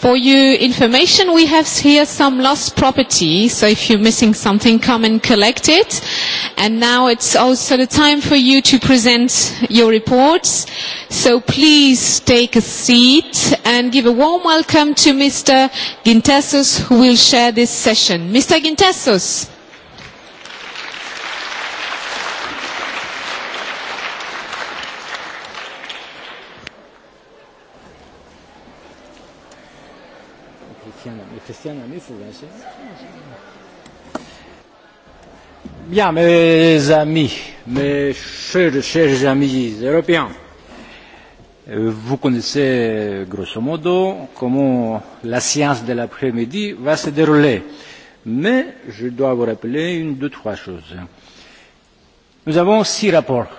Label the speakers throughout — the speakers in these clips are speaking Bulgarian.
Speaker 1: For your information, we have here some lost property, so if you're missing something, come and collect it. And now it's also the time for you to present your reports. So please take a seat and give a warm welcome to Mr. Gintessos, who will share this session. Mr. Gintessos.
Speaker 2: Bien, mes amis, mes chers, chers amis européens, vous connaissez grosso modo comment la science de l'après-midi va se dérouler. Mais je dois vous rappeler une, deux, trois choses. Nous avons six rapports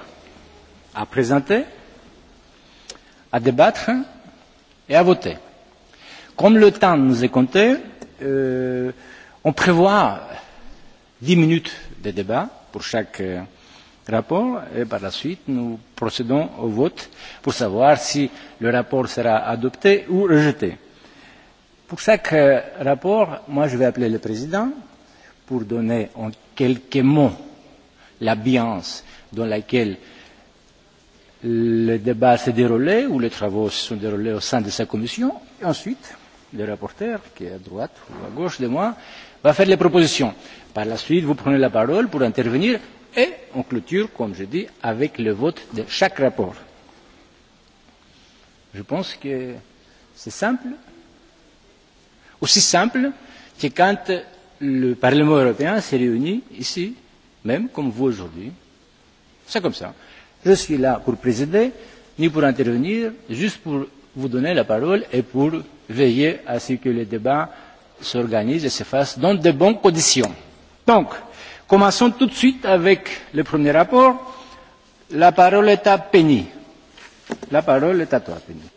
Speaker 2: à présenter, à débattre et à voter. Comme le temps nous est compté, euh, on prévoit dix minutes de débat pour chaque rapport et par la suite nous procédons au vote pour savoir si le rapport sera adopté ou rejeté. Pour chaque rapport, moi je vais appeler le président pour donner en quelques mots l'ambiance dans laquelle le débat s'est déroulé ou les travaux se sont déroulés au sein de sa commission. Et ensuite, le rapporteur qui est à droite ou à gauche de moi va faire les propositions. Par la suite, vous prenez la parole pour intervenir et on clôture, comme je dis, avec le vote de chaque rapport. Je pense que c'est simple. Aussi simple que quand le Parlement européen s'est réuni ici, même comme vous aujourd'hui. C'est comme ça. Je suis là pour présider, ni pour intervenir, juste pour vous donner la parole et pour veiller à ce que le débat s'organise et se fasse dans de bonnes conditions. Donc, commençons tout de suite avec le premier rapport. La parole est à Penny. La parole est à toi, Penny.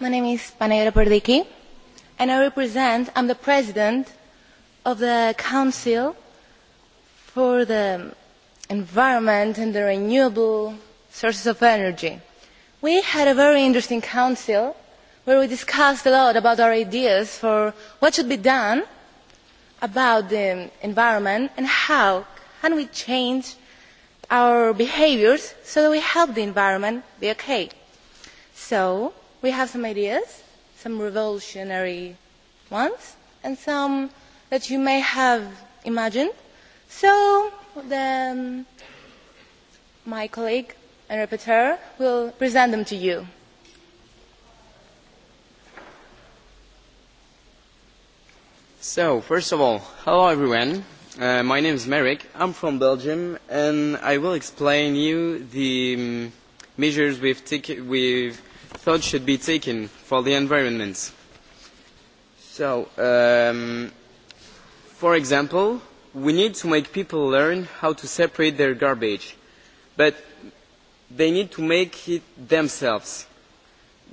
Speaker 3: My name is Panayota Perdiki, and I represent, I'm the president of the Council for the Environment and the Renewable Sources of Energy we had a very interesting council where we discussed a lot about our ideas for what should be done about the environment and how can we change our behaviours so that we help the environment be okay. So we have some ideas, some revolutionary ones, and some that you may have imagined. So the, my colleague and rapporteur will present them to you.
Speaker 4: So, first of all, hello everyone. Uh, my name is Merrick. I'm from Belgium, and I will explain you the um, measures we've, we've thought should be taken for the environment. So, um, for example, we need to make people learn how to separate their garbage. But they need to make it themselves.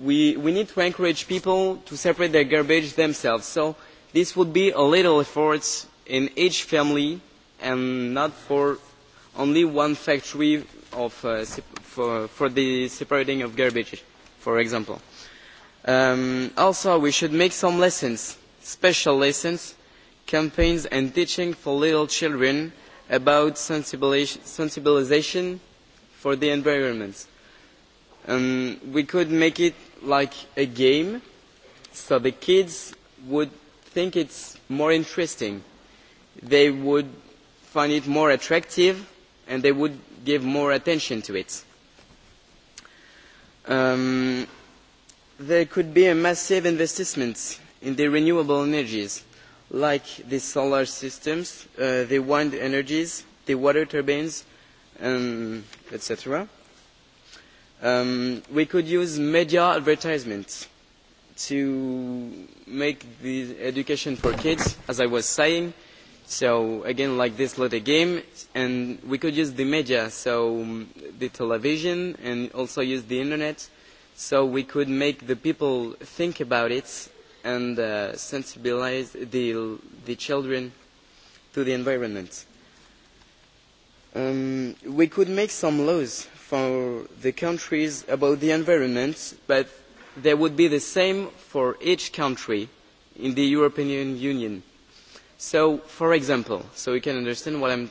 Speaker 4: We, we need to encourage people to separate their garbage themselves. So this would be a little effort in each family and not for only one factory of, uh, for, for the separating of garbage, for example. Um, also, we should make some lessons, special lessons, campaigns and teaching for little children about sensibilisation for the environment. Um, we could make it like a game so the kids would think it's more interesting. They would find it more attractive and they would give more attention to it. Um, there could be a massive investment in the renewable energies like the solar systems, uh, the wind energies, the water turbines, um, etc. Um, we could use media advertisements to make the education for kids, as I was saying. So again, like this little game, and we could use the media, so the television, and also use the internet, so we could make the people think about it and uh, sensibilize the the children to the environment we could make some laws for the countries about the environment, but they would be the same for each country in the European Union. So, for example, so you can understand what I'm,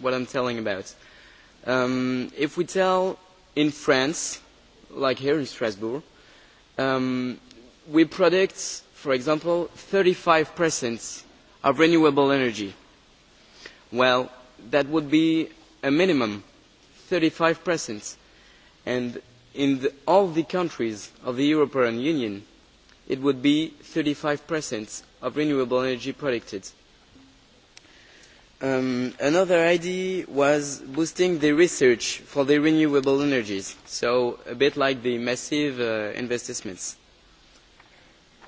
Speaker 4: what I'm telling about. Um, if we tell in France, like here in Strasbourg, um, we produce, for example, 35% of renewable energy. Well, that would be a minimum thirty five percent and in the, all the countries of the European Union it would be thirty five percent of renewable energy predicted. another idea was boosting the research for the renewable energies, so a bit like the massive uh, investments.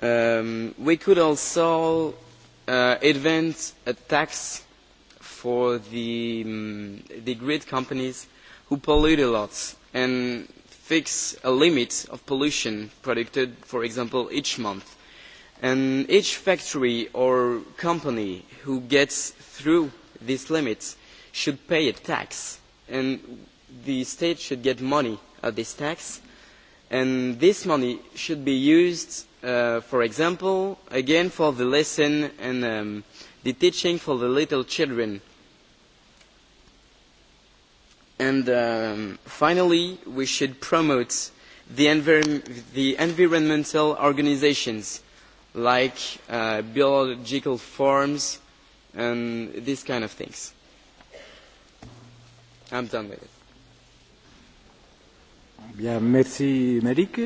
Speaker 4: we could also uh, invent a tax for the, um, the grid companies who pollute a lot and fix a limit of pollution predicted, for example, each month. And each factory or company who gets through these limits should pay a tax. And the state should get money at this tax. And this money should be used, uh, for example, again for the lesson and um, the teaching for the little children And um, finally, we should promote the, envir- the environmental organizations like uh, biological farms and these kind of things. I'm done with it.
Speaker 2: Bien, merci Malik.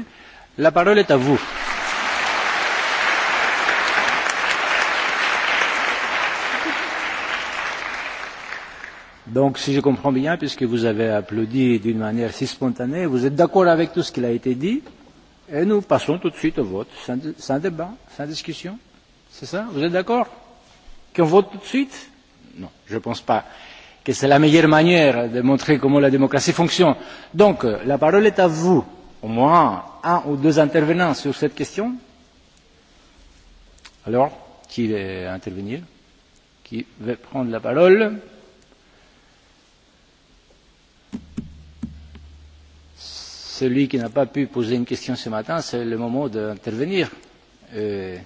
Speaker 2: La parole est à vous. Donc, si je comprends bien, puisque vous avez applaudi d'une manière si spontanée, vous êtes d'accord avec tout ce qui a été dit, et nous passons tout de suite au vote, sans, sans débat, sans discussion. C'est ça Vous êtes d'accord Qu'on vote tout de suite Non, je ne pense pas que c'est la meilleure manière de montrer comment la démocratie fonctionne. Donc, la parole est à vous, au moins un ou deux intervenants sur cette question. Alors, qui veut intervenir Qui veut prendre la parole celui qui n'a pas pu poser une question ce matin, c'est le moment d'intervenir. Euh,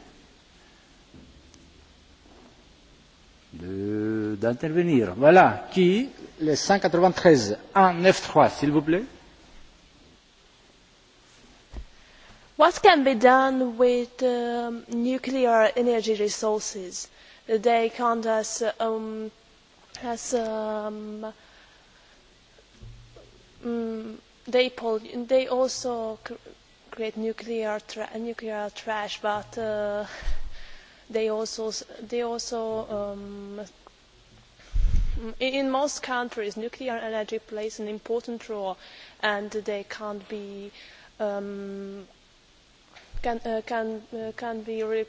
Speaker 2: D'intervenir. Voilà. Qui Le 193, 193, s'il vous plaît.
Speaker 5: What can be done with uh, nuclear energy resources? They count as, um, as um, um, they they also create nuclear tra- nuclear trash, but uh, they also they also um, in most countries nuclear energy plays an important role, and they can't be um, can uh, can uh, can be re-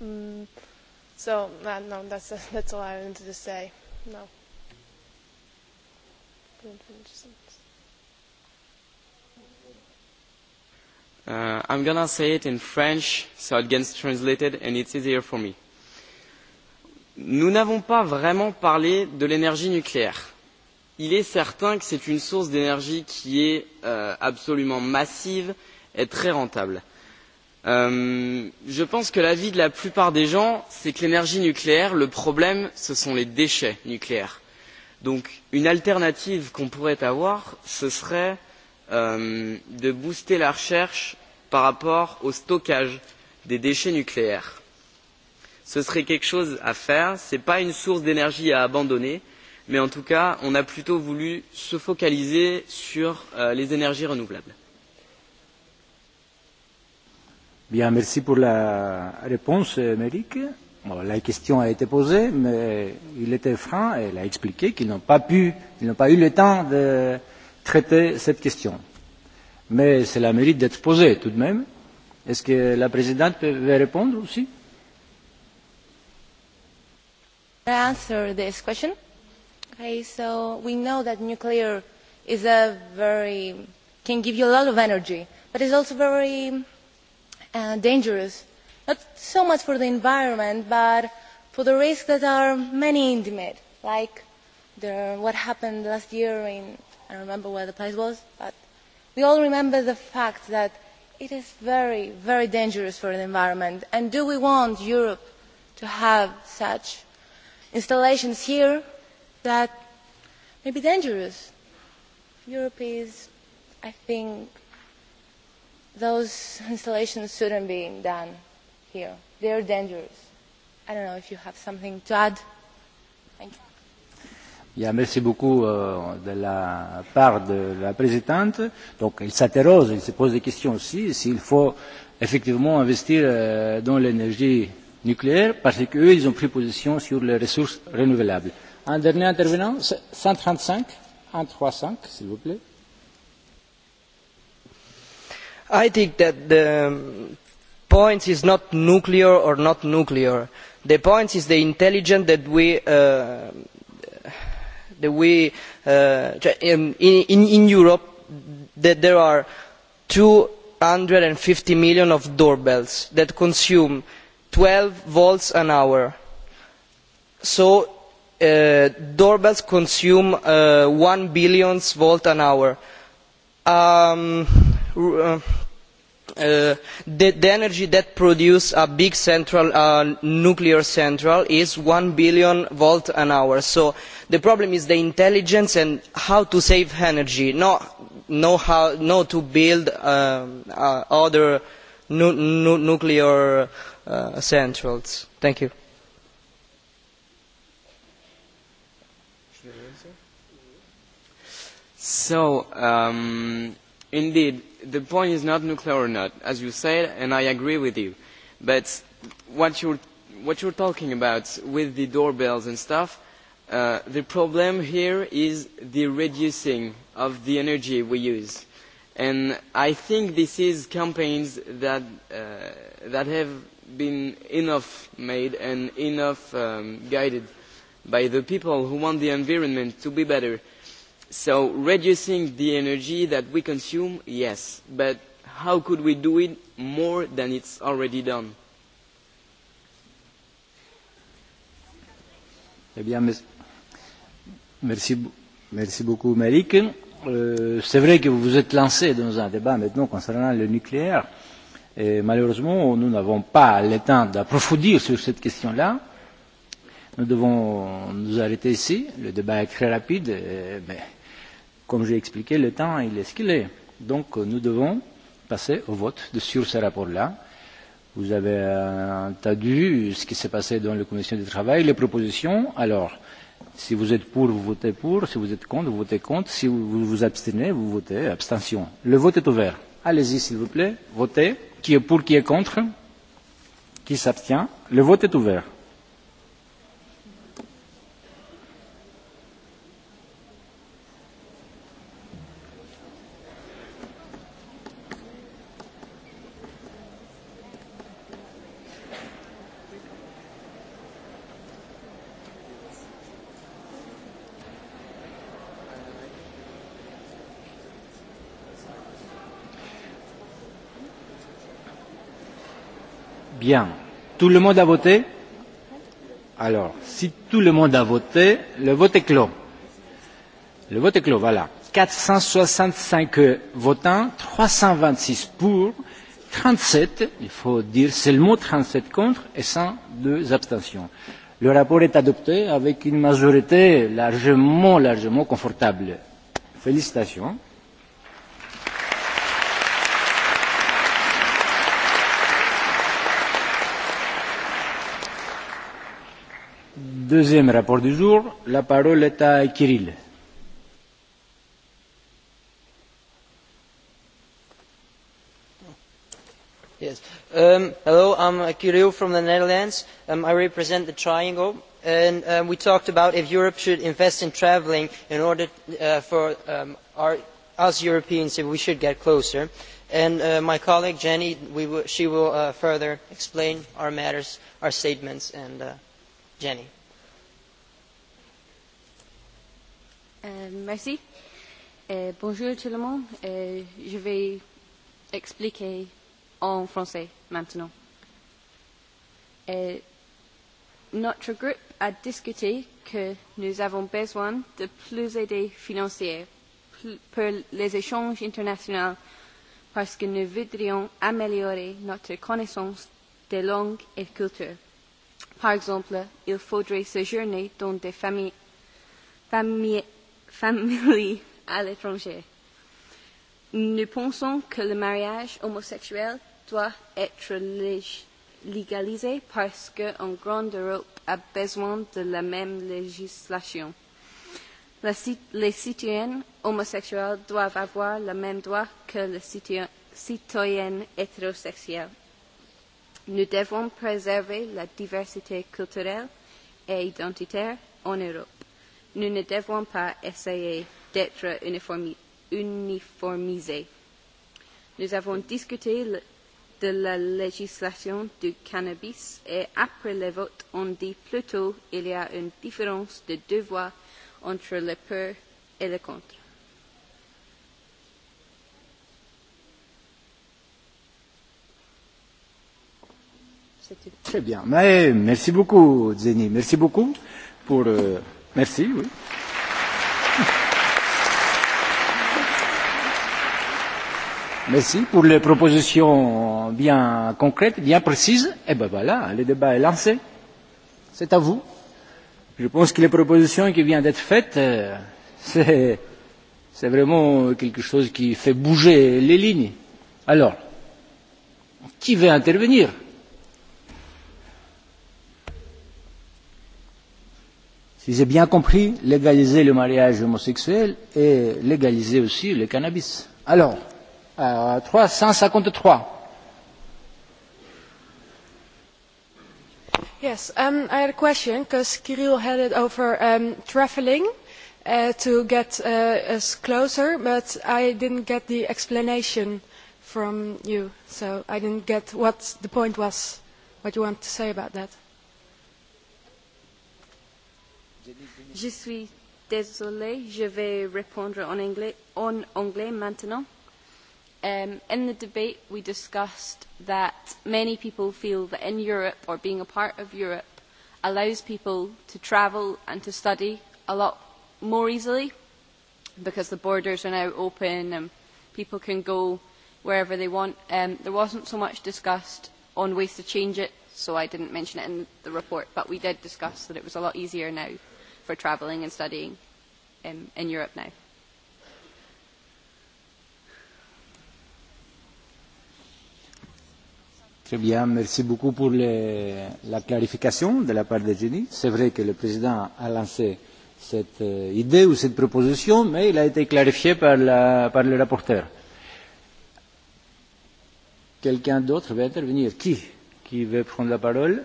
Speaker 5: um, so uh, no that's that's all I wanted to say no. Good,
Speaker 4: Uh, I'm to say it in French, so it gets translated and it's easier for me. Nous n'avons pas vraiment parlé de l'énergie nucléaire. Il est certain que c'est une source d'énergie qui est euh, absolument massive et très rentable. Euh, je pense que l'avis de la plupart des gens, c'est que l'énergie nucléaire, le problème, ce sont les déchets nucléaires. Donc une alternative qu'on pourrait avoir, ce serait de booster la recherche par rapport au stockage des déchets nucléaires. Ce serait quelque chose à faire, ce n'est pas une source d'énergie à abandonner, mais en tout cas, on a plutôt voulu se focaliser sur les énergies renouvelables.
Speaker 2: Bien, merci pour la réponse, Méric. la question a été posée, mais il était franc et il a expliqué qu'ils n'ont pas pu, ils n'ont pas eu le temps de, euh, traiter cette question. Mais cela mérite d'être posé tout de même. Est-ce que la présidente peut répondre aussi
Speaker 3: answer this question. Okay, so we know that nuclear is a very can give you a lot of energy, but it's also very uh, dangerous. Not so much for the environment, but for the risks that are many intimate, like the, what happened last year in I don't remember where the place was, but we all remember the fact that it is very, very dangerous for the environment. And do we want Europe to have such installations here that may be dangerous? Europe is, I think, those installations shouldn't be done here. They are dangerous. I don't know if you have something to add. Thank you.
Speaker 2: Bien, merci beaucoup de la part de la présidente. Donc, il s'interroge, il se pose des questions aussi, s'il faut effectivement investir dans l'énergie nucléaire, parce qu'eux, ils ont pris position sur les ressources renouvelables. Un dernier intervenant, 135,
Speaker 6: 135, s'il vous plaît. I think that the point is not nuclear or not nuclear. The point is the intelligence that we uh, the way in in in europe that there are two hundred and fifty million doorbells that consume twelve volts an hour so doorbells consume uh one billion volt an hour. Um the, the energy that produces a big central uh, nuclear central is one billion volt an hour. So the problem is the intelligence and how to save energy, not know how not to build um, uh, other nu nu nuclear uh, centrals. Thank you.
Speaker 4: So, um, indeed, the point is not nuclear or not, as you said, and I agree with you. But what you're, what you're talking about with the doorbells and stuff, uh, the problem here is the reducing of the energy we use. And I think this is campaigns that, uh, that have been enough made and enough um, guided by the people who want the environment to be better So reducing the energy that we consume, yes, but how could we do it more than it's already done?
Speaker 2: Eh bien, merci, merci beaucoup, Malik. Euh, C'est vrai que vous vous êtes lancé dans un débat maintenant concernant le nucléaire. Et malheureusement, nous n'avons pas le temps d'approfondir sur cette question-là. Nous devons nous arrêter ici. Le débat est très rapide, mais Comme j'ai expliqué, le temps il est ce qu'il est. Donc nous devons passer au vote sur ce rapport-là. Vous avez entendu ce qui s'est passé dans la commission du travail, les propositions. Alors, si vous êtes pour, vous votez pour. Si vous êtes contre, vous votez contre. Si vous vous abstenez, vous votez abstention. Le vote est ouvert. Allez-y, s'il vous plaît, votez. Qui est pour, qui est contre Qui s'abstient Le vote est ouvert. Bien. Tout le monde a voté Alors, si tout le monde a voté, le vote est clos. Le vote est clos, voilà. 465 votants, 326 pour, 37, il faut dire seulement 37 contre et 102 abstentions. Le rapport est adopté avec une majorité largement, largement confortable. Félicitations Deuxième rapport du jour, la parole est à Kirill.
Speaker 6: Yes. Um, hello, I'm Kirill from the Netherlands. Um, I represent the Triangle, and um, we talked about if Europe should invest in traveling in order uh, for um, our, us Europeans if we should get closer. And uh, my colleague Jenny, we w- she will uh, further explain our matters, our statements, and uh, Jenny
Speaker 7: merci. bonjour tout le monde. je vais expliquer en français maintenant. notre groupe a discuté que nous avons besoin de plus d'aides financière pour les échanges internationaux parce que nous voudrions améliorer notre connaissance des langues et cultures. Par exemple, il faudrait séjourner dans des familles, familles famille à l'étranger. Nous pensons que le mariage homosexuel doit être légalisé parce qu'en grande Europe a besoin de la même législation. Les citoyens homosexuels doivent avoir le même droit que les citoyens hétérosexuels. Nous devons préserver la diversité culturelle et identitaire en Europe Nous ne devons pas essayer d'être uniformisés. Nous avons discuté de la législation du cannabis et après le vote, on dit plutôt qu'il y a une différence de deux voix entre le pour et le contre.
Speaker 2: Très bien. Mais merci beaucoup, Zeni. Merci beaucoup pour euh, Merci, oui. Merci pour les propositions bien concrètes, bien précises. Et ben voilà, le débat est lancé. C'est à vous. Je pense que les propositions qui viennent d'être faites, c'est, c'est vraiment quelque chose qui fait bouger les lignes. Alors, qui veut intervenir? si j'ai bien compris, légaliser le mariage homosexuel et légaliser aussi le cannabis. Alors, euh, 353.
Speaker 8: Yes, um, I had a question because Kirill had it over um, traveling uh, to get uh, us closer, but I didn't get the explanation from you, so I didn't get what the point was,
Speaker 7: what you want to say about that. Je suis désolée, je vais répondre en anglais, en anglais maintenant. Um, in the debate, we discussed that many people feel that in Europe, or being a part of Europe, allows people to travel and to study a lot more easily because the borders are now open and people can go wherever they want. Um, there wasn't so much discussed on ways to change it, so I didn't mention it in the report, but we did discuss that it was a lot easier now for travelling and studying in, in Europe now.
Speaker 2: Très bien, merci beaucoup pour le, la clarification de la part de Jenny. C'est vrai que le président a lancé cette euh, idée ou cette proposition, mais il a été clarifié par, la, par le rapporteur. Quelqu'un d'autre veut intervenir Qui Qui veut prendre la parole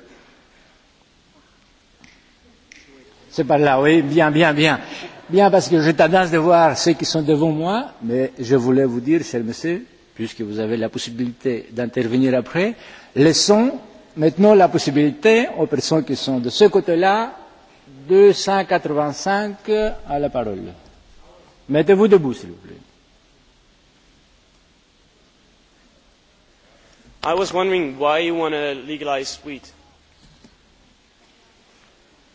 Speaker 2: C'est par là, oui, bien, bien, bien. Bien, parce que j'ai tendance de voir ceux qui sont devant moi, mais je voulais vous dire, cher monsieur, puisque vous avez la possibilité d'intervenir après, laissons maintenant la possibilité aux personnes qui sont de ce côté-là, 285 à la parole. Mettez-vous debout, s'il vous plaît.
Speaker 9: I was wondering why you want to legalize wheat.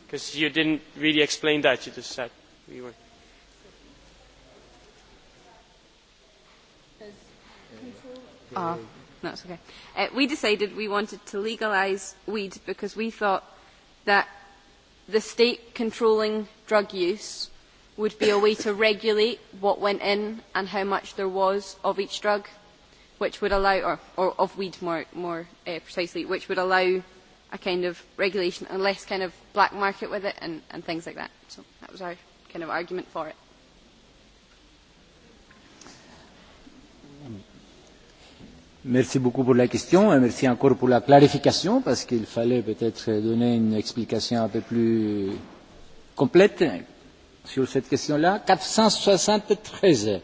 Speaker 9: Because you didn't really explain that, you just said. You were.
Speaker 7: Oh, that's okay. Uh, we decided we wanted to legalise weed because we thought that the state controlling drug use would be a way to regulate what went in and how much there was of each drug, which would allow, or, or of weed more, more uh, precisely, which would allow a kind of regulation and less kind of black market with it and, and things like that. So that was our kind of argument for it.
Speaker 2: Merci beaucoup pour la question et merci encore pour la clarification parce qu'il fallait peut-être donner une explication un peu plus complète sur cette question-là. 473.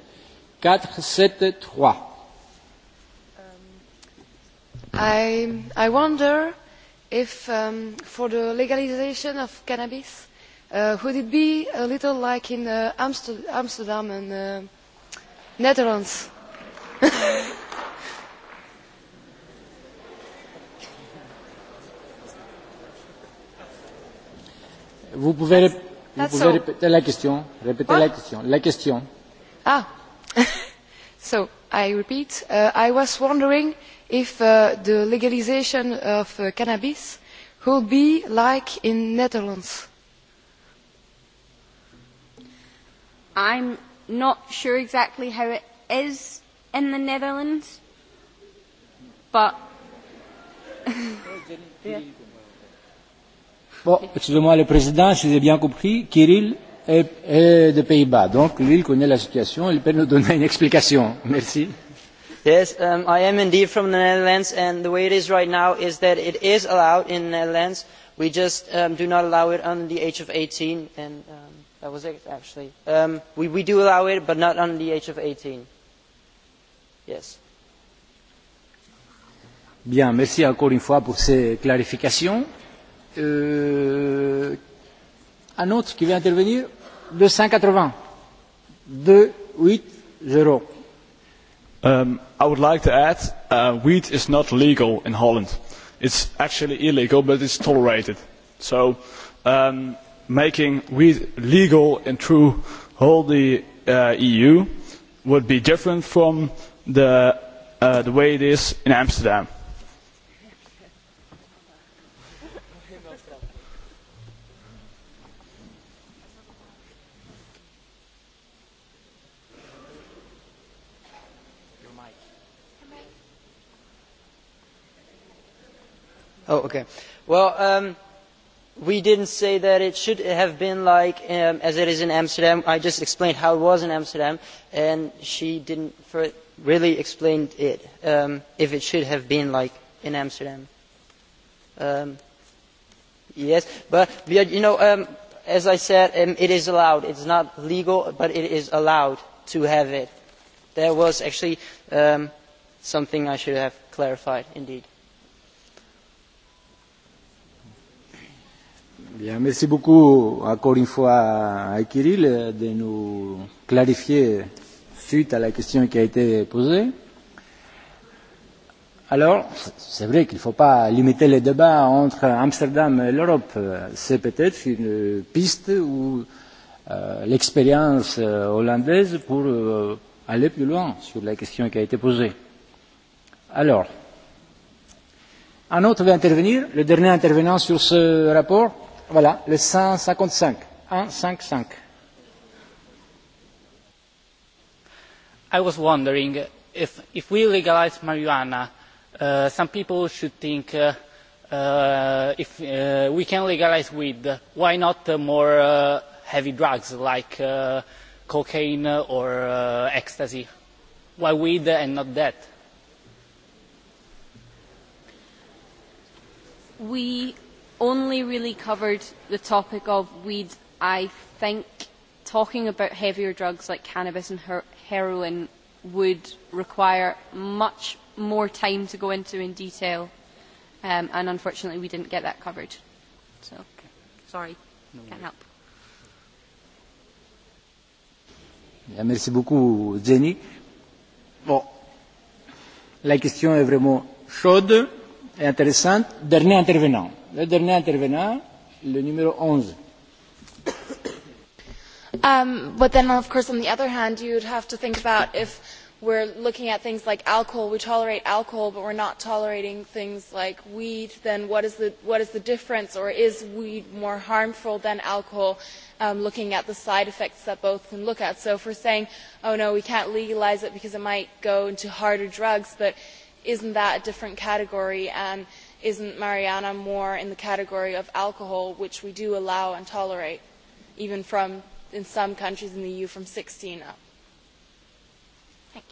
Speaker 2: 473. Um, I, I wonder
Speaker 8: if um, for the legalization of cannabis, uh, would it be a little like in uh, Amster Amsterdam and uh, Netherlands?
Speaker 2: Vous pouvez, vous pouvez répéter la question. Répétez la question. La question.
Speaker 8: Ah. so I repeat. Uh, I was wondering if the legalisation of cannabis will be like in the Netherlands?
Speaker 7: I'm not sure exactly how it is in the Netherlands, but.
Speaker 2: Bon, excusez-moi le président, si j'ai bien compris, Kirill est, est des Pays-Bas, donc lui, il connaît la situation, il peut nous donner une explication. Merci.
Speaker 6: Yes, um, I am indeed from the Netherlands, and the way it is right now is that it is allowed in the Netherlands. We just um, do not allow it under the age of eighteen, and um, that was it, actually. Um, we, we do allow it, but not under the age of eighteen. Yes.
Speaker 2: Bien, merci encore une fois pour ces clarifications. Euh, un autre qui veut intervenir quatre-vingts deux huit
Speaker 9: zéro. I would like to add, uh, wheat is not legal in Holland. It's actually illegal, but it's tolerated. So um, making wheat legal in through whole the uh, EU would be different from the, uh, the way it is in Amsterdam
Speaker 6: we did not say that it should have been like as it is in amsterdam. i just explained how it was in amsterdam and she did not really explain if it should have been like in amsterdam. yes but you know as i said it is allowed. it is not legal but it is allowed to have it. that was actually something i should have clarified indeed.
Speaker 2: Bien, merci beaucoup encore une fois à Kirill de nous clarifier suite à la question qui a été posée. Alors, c'est vrai qu'il ne faut pas limiter le débat entre Amsterdam et l'Europe. C'est peut-être une piste ou euh, l'expérience hollandaise pour euh, aller plus loin sur la question qui a été posée. Alors, un autre va intervenir, le dernier intervenant sur ce rapport Voilà, le 155. 155.
Speaker 10: I was wondering if, if we legalize marijuana, uh, some people should think uh, uh, if uh, we can legalize weed, why not uh, more uh, heavy drugs like uh, cocaine or uh, ecstasy? Why weed and not that?
Speaker 7: We only really covered the topic of weed, I think talking about heavier drugs like cannabis and her- heroin would require much more time to go into in detail, um, and unfortunately we didn't get that covered. So, sorry, can't help.
Speaker 2: Merci beaucoup, Jenny. Bon, la question est vraiment chaude et intéressante. Dernier intervenant le dernier intervenant, le numéro 11.
Speaker 11: Um, but then, of course, on the other hand, you'd have to think about if we're looking at things like alcohol, we tolerate alcohol, but we're not tolerating things like weed, then what is the, what is the difference, or is weed more harmful than alcohol, um, looking at the side effects that both can look at? So if we're saying, oh no, we can't legalize it because it might go into harder drugs, but isn't that a different category? And isn't marijuana more in the category of alcohol, which we do allow and tolerate, even from in some countries in the EU from 16 up? Thank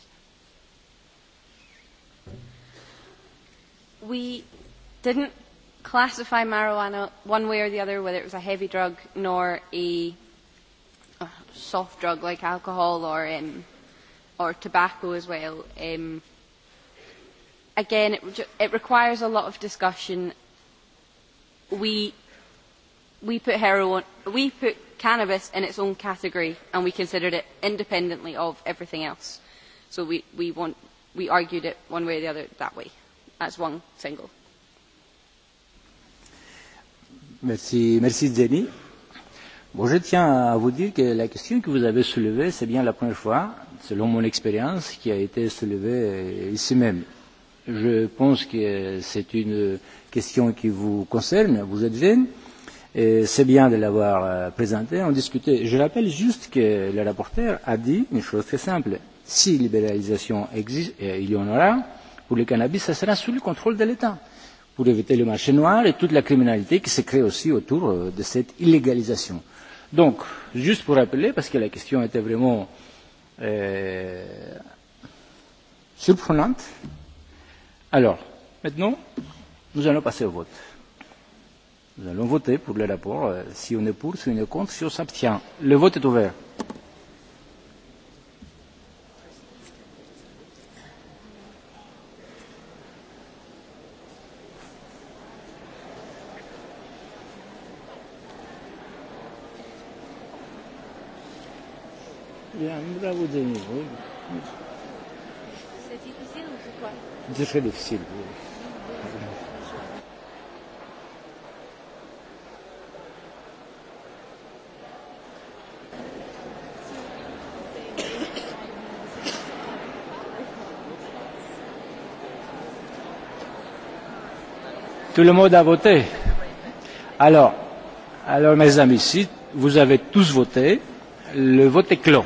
Speaker 11: you. We didn't
Speaker 7: classify marijuana one way or the other, whether it was a heavy drug nor a soft drug like alcohol or um, or tobacco as well. Um, again, it, it requires a lot of discussion. We, we put heroin, we put cannabis in its own category, and we considered it independently of everything else. So we, we, want, we argued it one way or the other that way, as one single.
Speaker 2: Merci, merci Jenny. Bon, je tiens à vous dire que la question que vous avez soulevée, c'est bien la première fois, selon mon expérience, qui a été soulevée ici même. Je pense que c'est une question qui vous concerne. Vous êtes jeune. et C'est bien de l'avoir présenté, en discuté. Je rappelle juste que le rapporteur a dit une chose très simple. Si libéralisation existe, et il y en aura, pour le cannabis, ça sera sous le contrôle de l'État pour éviter le marché noir et toute la criminalité qui se crée aussi autour de cette illégalisation. Donc, juste pour rappeler, parce que la question était vraiment euh, surprenante, Alors, maintenant, nous allons passer au vote. Nous allons voter pour le rapport, si on est pour, si on est contre, si on s'abstient. Le vote est ouvert. Bien, bravo de nouveau. Дуже всім. Tout le monde a voté. Alors, alors mes amis, si vous avez tous voté, le vote est clos.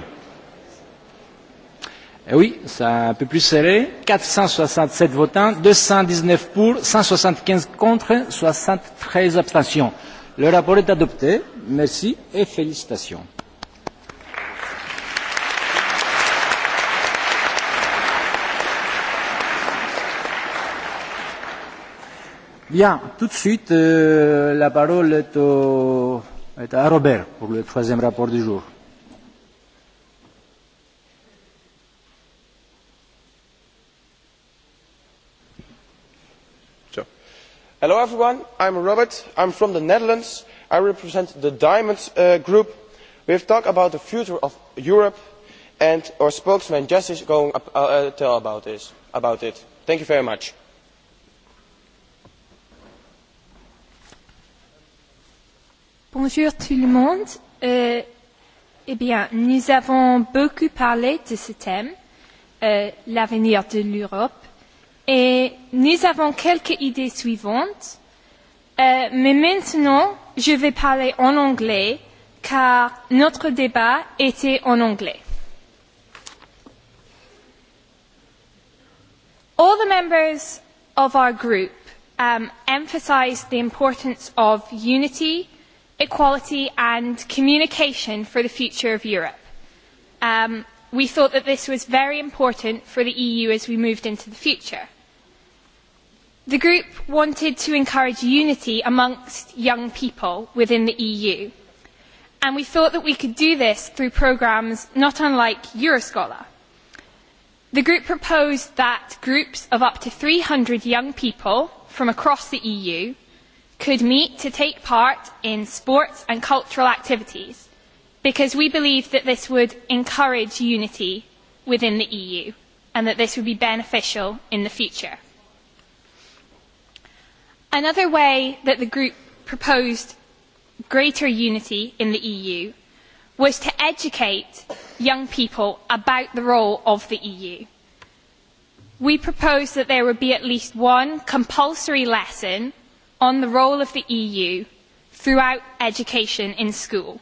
Speaker 2: Eh oui, c'est un peu plus serré. 467 votants, 219 pour, 175 contre, 73 abstentions. Le rapport est adopté. Merci et félicitations. Bien, tout de suite, euh, la parole est, au, est à Robert pour le troisième rapport du jour.
Speaker 12: hello everyone i am robert i am from the netherlands i represent the diamond group. we have talked about the future of europe and our spokesman jess is going to tell about it. thank you very much.
Speaker 13: Bonjour tout le monde. Euh, eh bien, nous avons beaucoup parlé de ce thème, euh, l'avenir de l'Europe Et nous avons quelques idées suivantes. Euh, mais maintenant, je vais parler en anglais car notre débat était en anglais. All the members of our group um, emphasised the importance of unity, equality and communication for the future of Europe. Um, we thought that this was very important for the EU as we moved into the future the group wanted to encourage unity amongst young people within the eu and we thought that we could do this through programmes not unlike euroscholar. the group proposed that groups of up to three hundred young people from across the eu could meet to take part in sports and cultural activities because we believe that this would encourage unity within the eu and that this would be beneficial in the future. Another way that the group proposed greater unity in the EU was to educate young people about the role of the EU. We proposed that there would be at least one compulsory lesson on the role of the EU throughout education in school,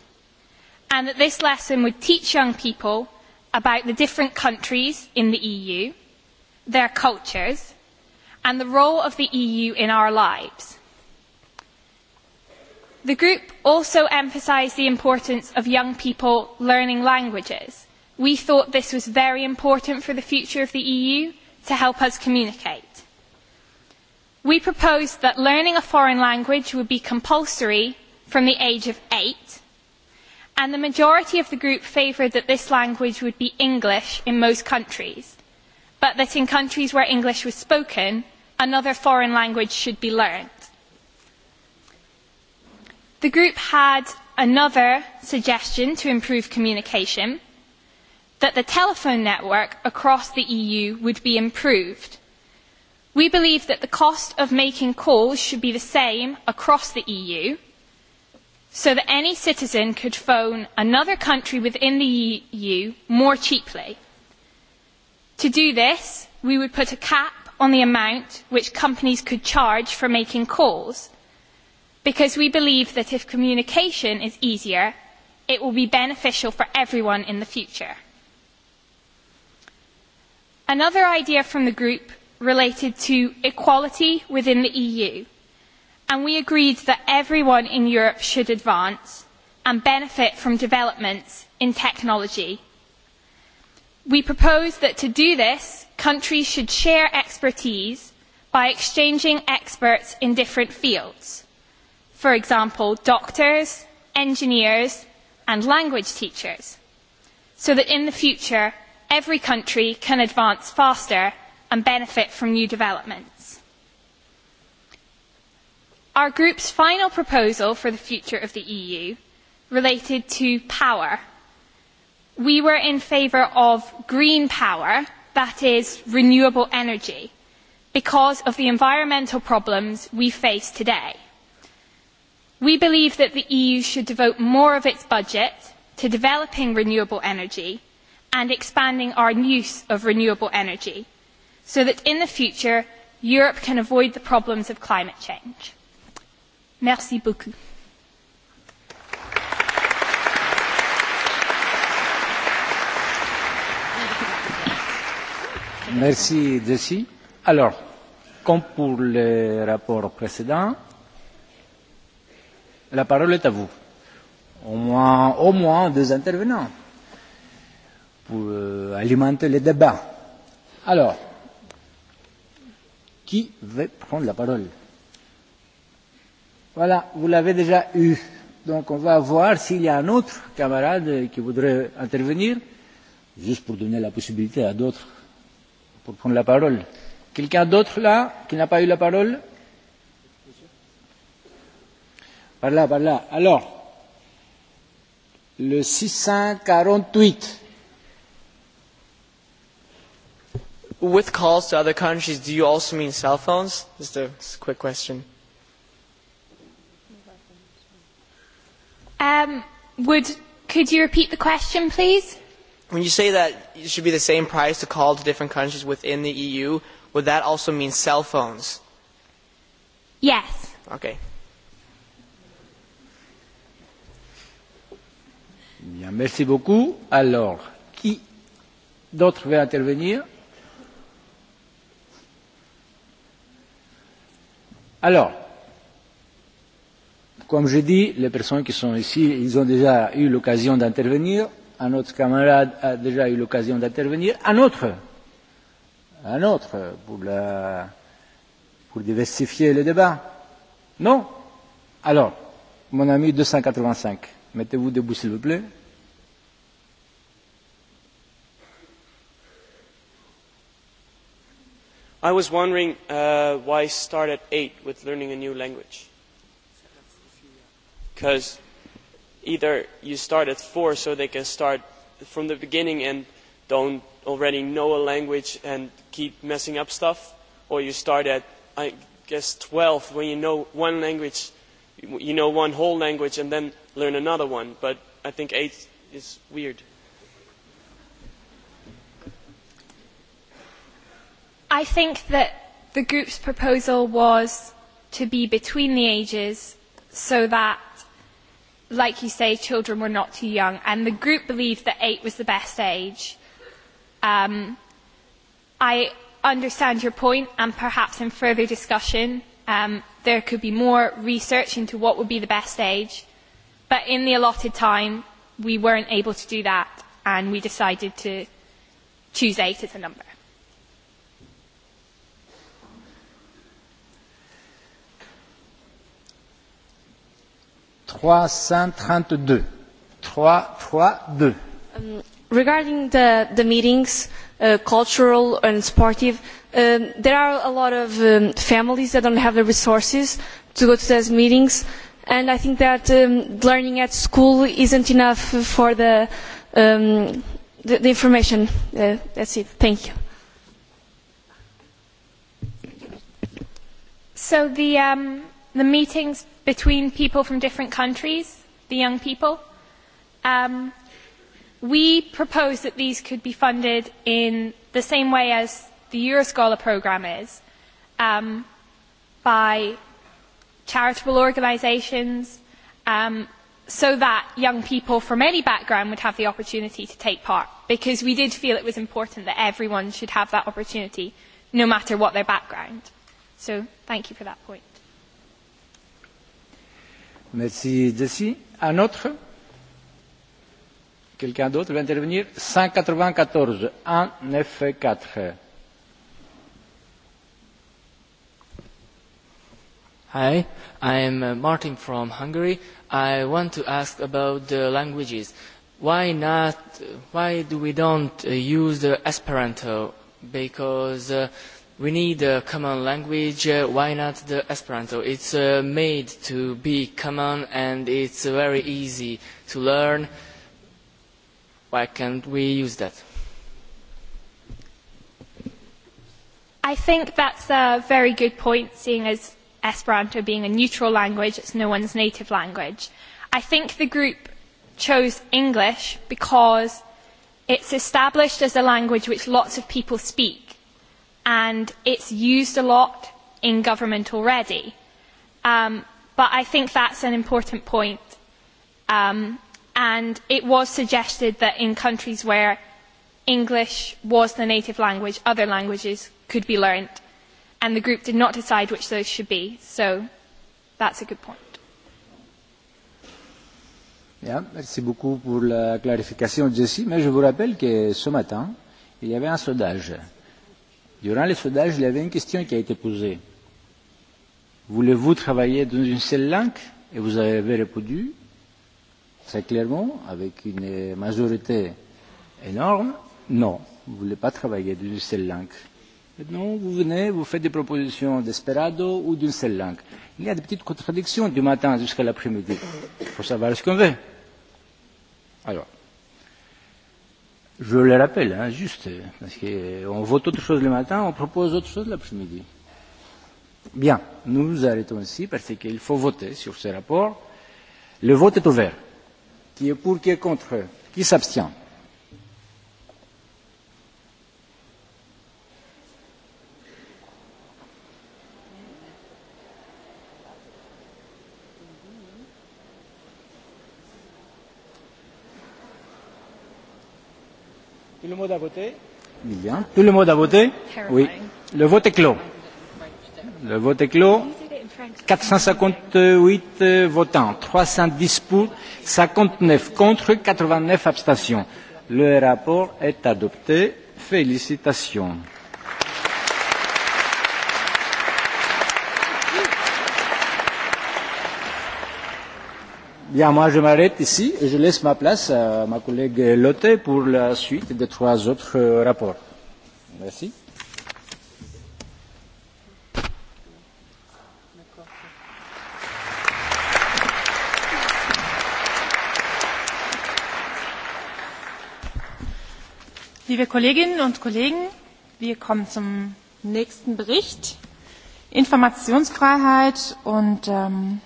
Speaker 13: and that this lesson would teach young people about the different countries in the EU, their cultures, and the role of the EU in our lives. The group also emphasised the importance of young people learning languages. We thought this was very important for the future of the EU to help us communicate. We proposed that learning a foreign language would be compulsory from the age of eight, and the majority of the group favoured that this language would be English in most countries, but that in countries where English was spoken, another foreign language should be learned. The group had another suggestion to improve communication that the telephone network across the EU would be improved. We believe that the cost of making calls should be the same across the EU so that any citizen could phone another country within the EU more cheaply. To do this, we would put a cap on the amount which companies could charge for making calls because we believe that if communication is easier it will be beneficial for everyone in the future. Another idea from the group related to equality within the EU and we agreed that everyone in Europe should advance and benefit from developments in technology. We propose that to do this countries should share expertise by exchanging experts in different fields for example doctors engineers and language teachers so that in the future every country can advance faster and benefit from new developments. Our group's final proposal for the future of the EU related to power. We were in favour of green power that is renewable energy, because of the environmental problems we face today. We believe that the EU should devote more of its budget to developing renewable energy and expanding our use of renewable energy so that in the future Europe can avoid the problems of climate change. Merci beaucoup.
Speaker 2: Merci, Desi. Alors, comme pour le rapport précédent, la parole est à vous. Au moins, au moins deux intervenants pour euh, alimenter le débat. Alors, qui veut prendre la parole Voilà, vous l'avez déjà eu. Donc on va voir s'il y a un autre camarade qui voudrait intervenir, juste pour donner la possibilité à d'autres pour prendre la parole. Quelqu'un d'autre là qui n'a pas eu la parole Par là, par là. Alors, le 648.
Speaker 10: With calls to other countries, do you also mean cell phones? Just a quick question.
Speaker 13: Um, would could you repeat the question, please?
Speaker 10: when you say that it should be the same price to call to different countries within the EU, would that also mean cell phones? Yes. Okay.
Speaker 2: Bien, merci beaucoup. Alors, qui d'autre veut intervenir Alors, comme je dis, les personnes qui sont ici, ils ont déjà eu l'occasion d'intervenir un autre camarade a déjà eu l'occasion d'intervenir, un autre, un autre pour, la, pour diversifier le débat. Non Alors, mon ami 285, mettez-vous debout s'il vous plaît.
Speaker 9: I was wondering uh, why start at eight with learning a new language. Because either you start at four so they can start from the beginning and do not already know a language and keep messing up stuff or you start at i guess twelve when you know one language you know one whole language and then learn another one but i think eight is weird.
Speaker 13: i think that the group's proposal was to be between the ages so that like you say, children were not too young, and the group believed that eight was the best age. Um, I understand your point, and perhaps in further discussion, um, there could be more research into what would be the best age. But in the allotted time, we weren't able to do that, and we decided to choose eight as a number.
Speaker 2: 332. 332.
Speaker 13: Um, regarding the, the meetings, uh, cultural and sportive, um, there are a lot of um, families that don't have the resources to go to those meetings. And I think that um, learning at school isn't enough for the, um, the, the information. Uh, that's it. Thank you. So the, um, the meetings between people from different countries, the young people. Um, we propose that these could be funded in the same way as the Euroscholar programme is, um, by charitable organisations, um, so that young people from any background would have the opportunity to take part, because we did feel it was important that everyone should have that opportunity, no matter what their background. So thank you for that point.
Speaker 2: Merci, Jessie. Un autre Quelqu'un d'autre veut intervenir 194, 1, 9, 4.
Speaker 10: Hi, I'm Martin from Hungary. I want to ask about the languages. Why not? Why do we don't use the Esperanto? Because uh, we need a common language. why not the Esperanto? It's uh, made to be common and it's very easy to learn. Why can't we use that?
Speaker 13: I think that's a very good point, seeing as Esperanto being a neutral language, it's no one's native language. I think the group chose English because it's established as a language which lots of people speak and it's used a lot in government already. Um, but I think that's an important point. Um, and it was suggested that in countries where English was the native language, other languages could be learned. And the group did not decide which those should be. So that's a good point.
Speaker 2: Bien, merci beaucoup pour la clarification, Jessie. Mais je vous rappelle que ce matin, il y avait un sondage Durant le sondage, il y avait une question qui a été posée. Voulez-vous travailler dans une seule langue Et vous avez répondu très clairement, avec une majorité énorme, non, vous ne voulez pas travailler dans une seule langue. Maintenant, vous venez, vous faites des propositions d'Esperado ou d'une seule langue. Il y a des petites contradictions du matin jusqu'à l'après-midi. Il faut savoir ce qu'on veut. Alors, Je le rappelle, hein, juste, parce qu'on vote autre chose le matin, on propose autre chose l'après-midi. Bien, nous nous arrêtons ici parce qu'il faut voter sur ce rapport. Le vote est ouvert. Qui est pour, qui est contre, qui s'abstient le monde a voté Bien. Tout le Oui. Le vote est clos. Le vote est clos. 458 votants, 310 pour, 59 contre, 89 abstentions. Le rapport est adopté. Félicitations. Bien, moi je m'arrête ici et je laisse ma place à ma collègue Lotte pour la suite des trois autres rapports. Merci.
Speaker 14: Liebe Kolleginnen und Kollegen, wir kommen zum nächsten Bericht. Informationsfreiheit und ähm,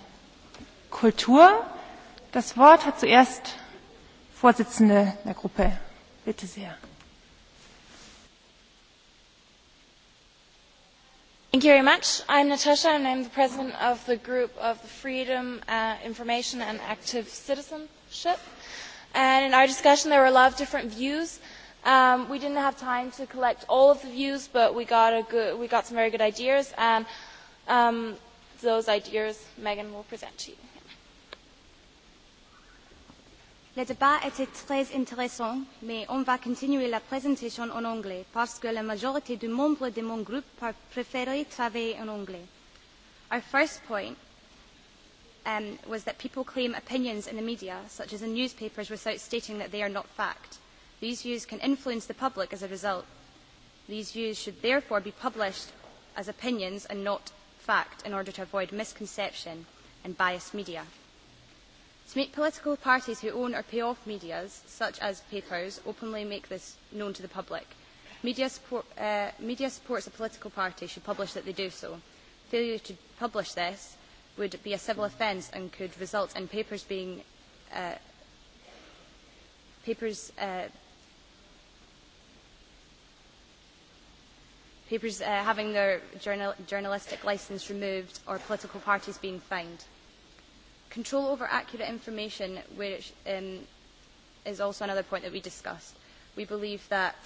Speaker 14: Kultur Das Wort hat zuerst Vorsitzende der Gruppe. Bitte sehr.
Speaker 11: Thank you very much. I'm Natasha and I'm the president of the group of the Freedom, uh, Information and Active Citizenship. And in our discussion, there were a lot of different views. Um, we didn't have time to collect all of the views, but we got, a good, we got some very good ideas. And um, those ideas Megan will
Speaker 15: present to you. Le débat était très intéressant, mais on va continuer la présentation en anglais parce que la majorité des membres de mon groupe préfèrent travailler en anglais. Our first point um, was that people claim opinions in the media, such as in newspapers, without stating that they are not fact. These views can influence the public as a result. These views should therefore be published as opinions and not fact in order to avoid misconception and biased media. To make political parties who own or pay off media, such as papers, openly make this known to the public. Media, support, uh, media supports a political party should publish that they do so. Failure to publish this would be a civil offence and could result in papers being uh, papers uh, papers uh, having their journal- journalistic licence removed or political parties being fined. Control over accurate information, which um, is also another point that we discussed. We believe that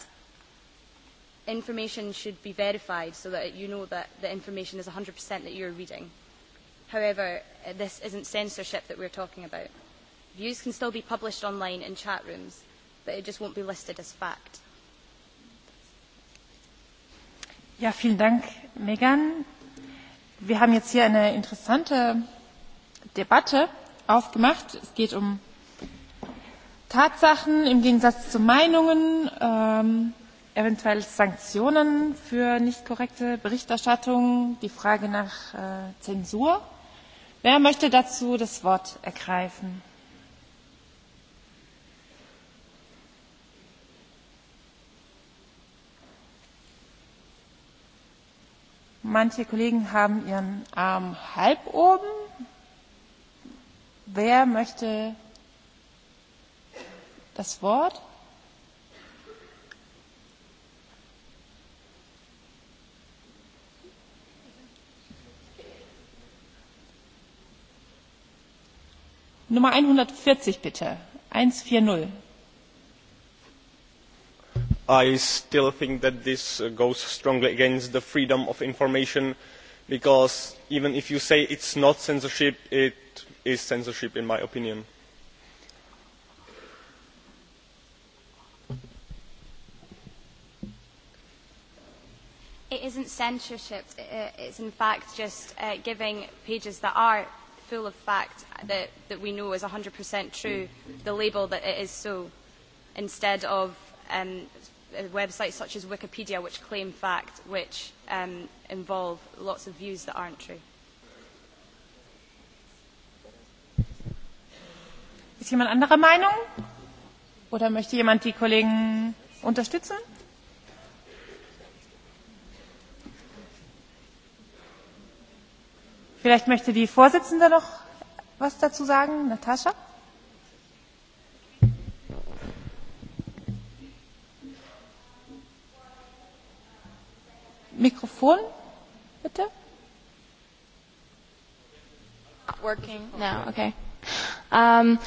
Speaker 15: information should be verified so that you know that the information is 100% that you're reading. However, this isn't censorship that we're talking about. Views can still be published online in chat rooms, but it just won't be listed as fact. Ja,
Speaker 14: vielen Dank, Megan. Wir haben jetzt hier eine interessante Debatte aufgemacht. Es geht um Tatsachen im Gegensatz zu Meinungen, eventuell Sanktionen für nicht korrekte Berichterstattung, die Frage nach Zensur. Wer möchte dazu das Wort ergreifen? Manche Kollegen haben ihren Arm halb oben, Wer möchte das Wort? Nummer 140 bitte. 140.
Speaker 9: I still think that this goes strongly against the freedom of information because even if you say it is not censorship, it is censorship in my opinion.
Speaker 10: It
Speaker 15: is not censorship, it is in fact just uh, giving pages that are full of fact that, that we know is 100% true the label that it is so instead of um, websites such as Wikipedia, which claim fact, which um, involve lots of views that aren't true.
Speaker 14: Ist jemand anderer Meinung? Oder möchte jemand die Kollegen unterstützen? Vielleicht möchte die Vorsitzende noch was dazu sagen, Natascha?
Speaker 11: Mikrofon, bitte. Working now, okay. Um,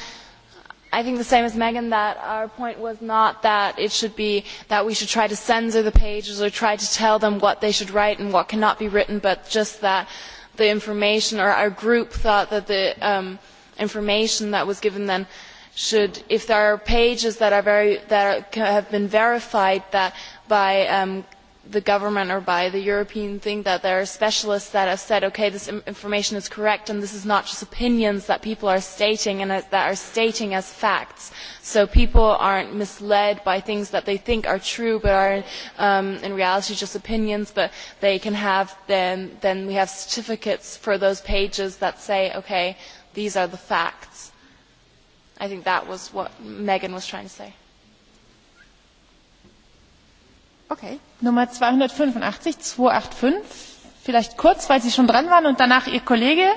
Speaker 11: I think the same as Megan that our point was not that it should be that we should try to censor the pages or try to tell them what they should write and what cannot be written, but just that the information or our group thought that the um, information that was given then should, if there are pages that are very that are have been verified that by um, the government or by the European thing that there are specialists that have said, okay, this information is correct and this is not just opinions that people are stating and that are stating as facts. So people aren't misled by things that they think are true but are um, in reality just opinions, but they can have then, then we have certificates for those pages that say, okay, these are the facts. I think that was what Megan was trying to say. Okay.
Speaker 14: Nummer 285, 285. Vielleicht kurz, weil Sie schon dran waren und danach Ihr Kollege.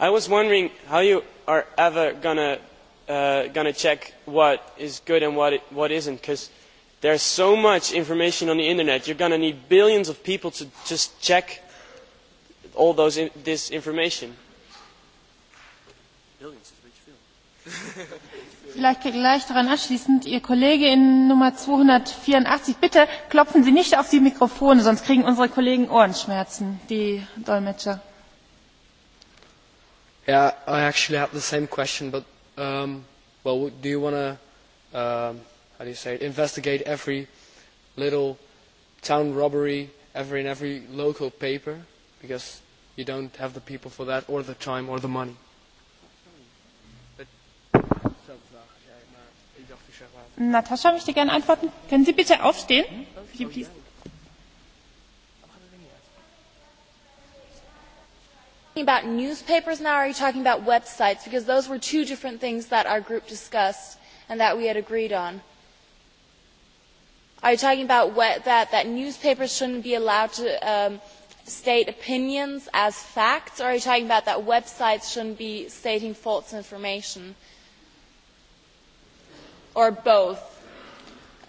Speaker 9: I was wondering how you are ever gonna uh, gonna check what is good and what it, what isn't, because there's so much information on the internet. You're gonna need billions of people to just check all those in, this information Vielleicht
Speaker 14: gleich daran anschließend, Ihr Kollege in Nummer 284, bitte klopfen Sie nicht auf die Mikrofone, sonst kriegen unsere Kollegen Ohrenschmerzen, die Dolmetscher.
Speaker 12: Yeah, I actually have the same question, but um, well, do you want to, um, how do you say it, investigate every little town robbery ever in every local paper? Because you don't have the people for that, or the time, or the money.
Speaker 10: Natascha möchte gerne antworten.
Speaker 14: Können Sie bitte aufstehen?
Speaker 11: about newspapers now, or are you talking about websites? Because those were two different things that our group discussed and that we had agreed on. Are you talking about what, that, that newspapers shouldn't be allowed to um, state opinions as facts, or are you talking about that websites shouldn't be stating false information? or both?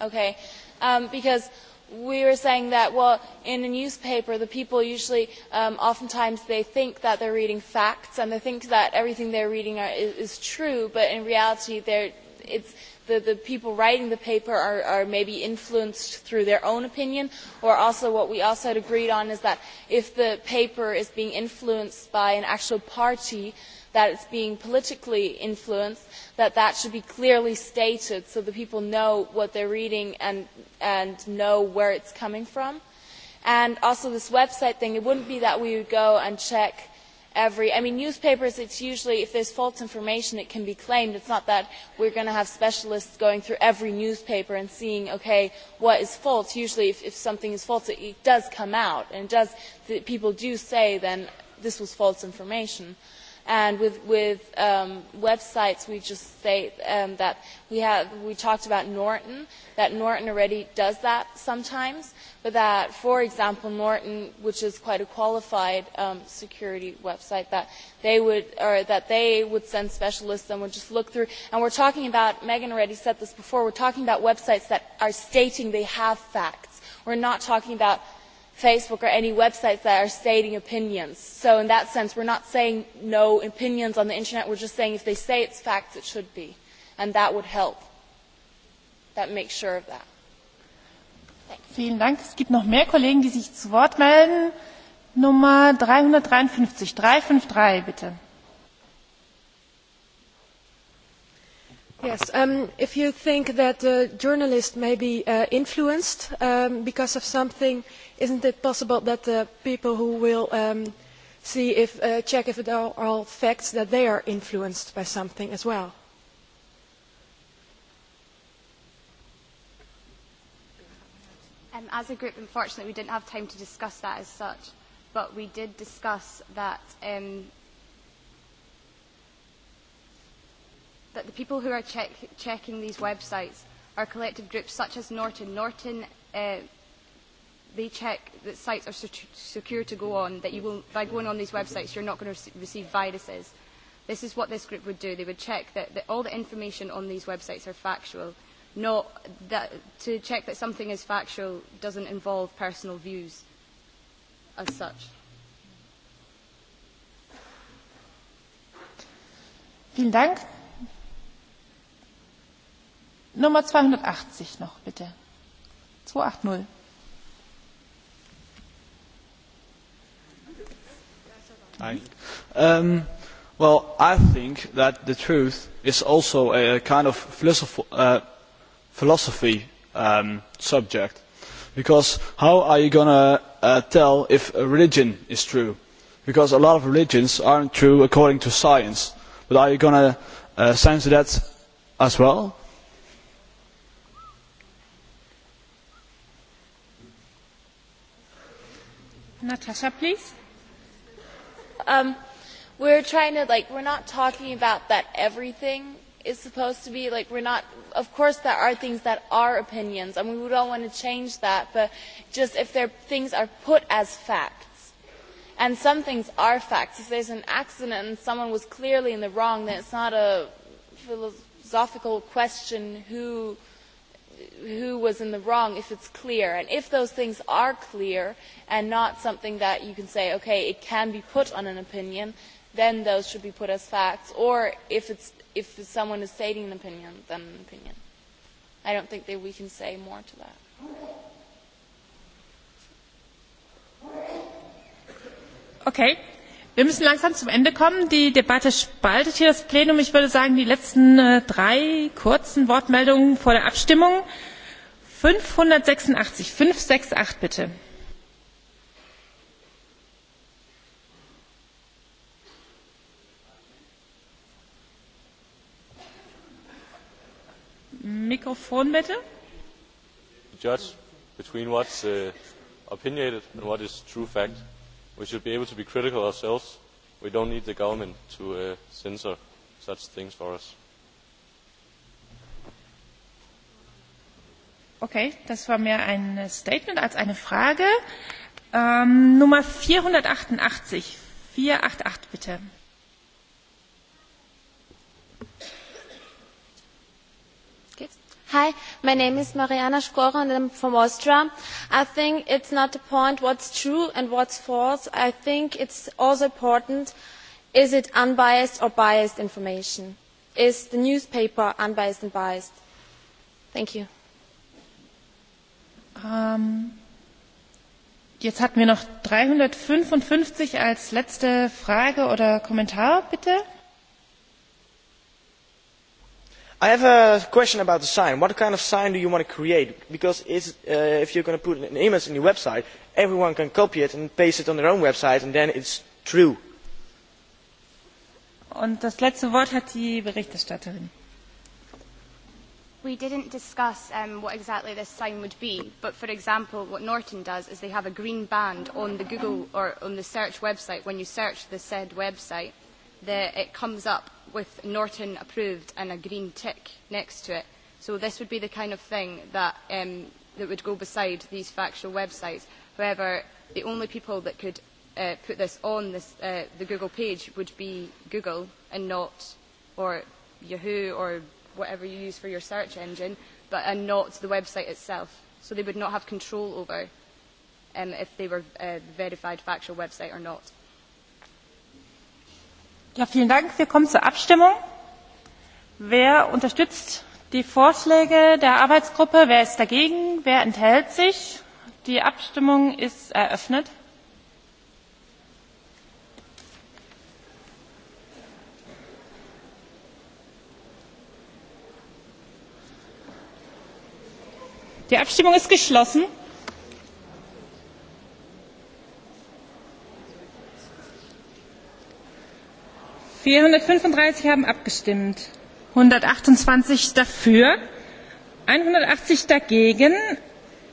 Speaker 11: Okay, um, because we were saying that, well, in a newspaper, the people usually, um, oftentimes, they think that they're reading facts and they think that everything they're reading are, is, is true, but in reality, they're, it's the, the people writing the paper are, are maybe influenced through their own opinion, or also what we also had agreed on is that if the paper is being influenced by an actual party, that it is being politically influenced that that should be clearly stated so that people know what they are reading and know where it is coming from. and also this website thing it would not be that we would go and check every i mean newspapers it's usually if there's false information it can be claimed it's not that we're going to have specialists going through every newspaper and seeing okay what is false usually if, if something is false it, it does come out and it does people do say then this was false information And with, with um, websites, we just say um, that we have, we talked about Norton, that Norton already does that sometimes, but that, for example, Norton, which is quite a qualified um, security website, that they would, or that they would send specialists and would just look through. And we're talking about, Megan already said this before, we're talking about websites that are stating they have facts. We're not talking about Facebook or any websites that are stating opinions. So in that sense, we're not saying no opinions on the internet. We're just saying if they say it's facts, it should be, and that would help. That makes sure of that.
Speaker 14: Vielen Dank. Es gibt noch mehr Kollegen, die sich zu Wort melden. Nummer 353, 353, bitte.
Speaker 8: Yes, um, if you think that the journalist may be influenced because of something is it not possible that the people who will check if they are all facts that they are influenced by something as well?
Speaker 15: as a group, unfortunately, we didn't have time to discuss that as such, but we did discuss that um, that the people who are check, checking these websites are collective groups such as Norton. Norton uh, they check that sites are secure to go on, that you will, by going on these websites, you're not going to receive viruses. This is what this group would do. They would check that, that all the information on these websites are factual. Not that, to check that something is factual doesn't involve personal views as such.
Speaker 14: Vielen Dank. Nummer 280 noch, bitte. 280.
Speaker 9: Um, well, I think that the truth is also a kind of philosophy um, subject. Because how are you going to uh, tell if a religion is true? Because a lot of religions aren't true according to science. But are you going to uh, censor that as well?
Speaker 11: Natasha, please. Um, we're trying to like we're not talking about that everything is supposed to be like we're not of course there are things that are opinions and we don't want to change that but just if there things are put as facts and some things are facts if there's an accident and someone was clearly in the wrong then it's not a philosophical question who who was in the wrong if it's clear. And if those things are clear and not something that you can say, okay, it can be put on an opinion, then those should be put as facts. Or if, it's, if someone is stating an opinion, then an opinion. I don't think that we can say more to that.
Speaker 14: Okay wir müssen langsam zum ende kommen. die debatte spaltet hier das plenum. ich würde sagen die letzten drei kurzen wortmeldungen vor der abstimmung 586, 568 bitte. mikrofon bitte.
Speaker 9: judge between what's uh, opinionated and what is true fact we should be able to be critical ourselves. we do not need the government to censor such things for us.
Speaker 14: Okay, das war mehr ein Statement als eine Frage. Ähm, Nummer 488. 488 bitte.
Speaker 3: Hi, my name is Mariana Skora and I'm from Austria. I think
Speaker 11: it's not the point what's true and what's false. I think it's also important is it unbiased or biased information? Is the newspaper unbiased and biased? Thank you.
Speaker 14: Um, jetzt hatten wir noch 355 als letzte Frage oder Kommentar, bitte
Speaker 9: i have a
Speaker 12: question about the sign. what kind of sign do you want to create? because if you are going to put an image on your website everyone can copy it and paste it on their own website and then it is true.
Speaker 15: we did not discuss what exactly this sign would be but for example what norton does is they have a green band on the google or on the search website when you search the said website the, it comes up with Norton approved and a green tick next to it. So this would be the kind of thing that, um, that would go beside these factual websites. However, the only people that could uh, put this on this, uh, the Google page would be Google and not, or Yahoo or whatever you use for your search engine, but and not the website itself. So they would not have control over um, if they were a verified factual website or not
Speaker 14: vielen Dank. Wir kommen zur Abstimmung. Wer unterstützt die Vorschläge der Arbeitsgruppe? Wer ist dagegen? Wer enthält sich? Die Abstimmung ist eröffnet. Die Abstimmung ist geschlossen. vierhundertfünfunddreißig haben abgestimmt einhundertachtundzwanzig dafür einhundertachtzig dagegen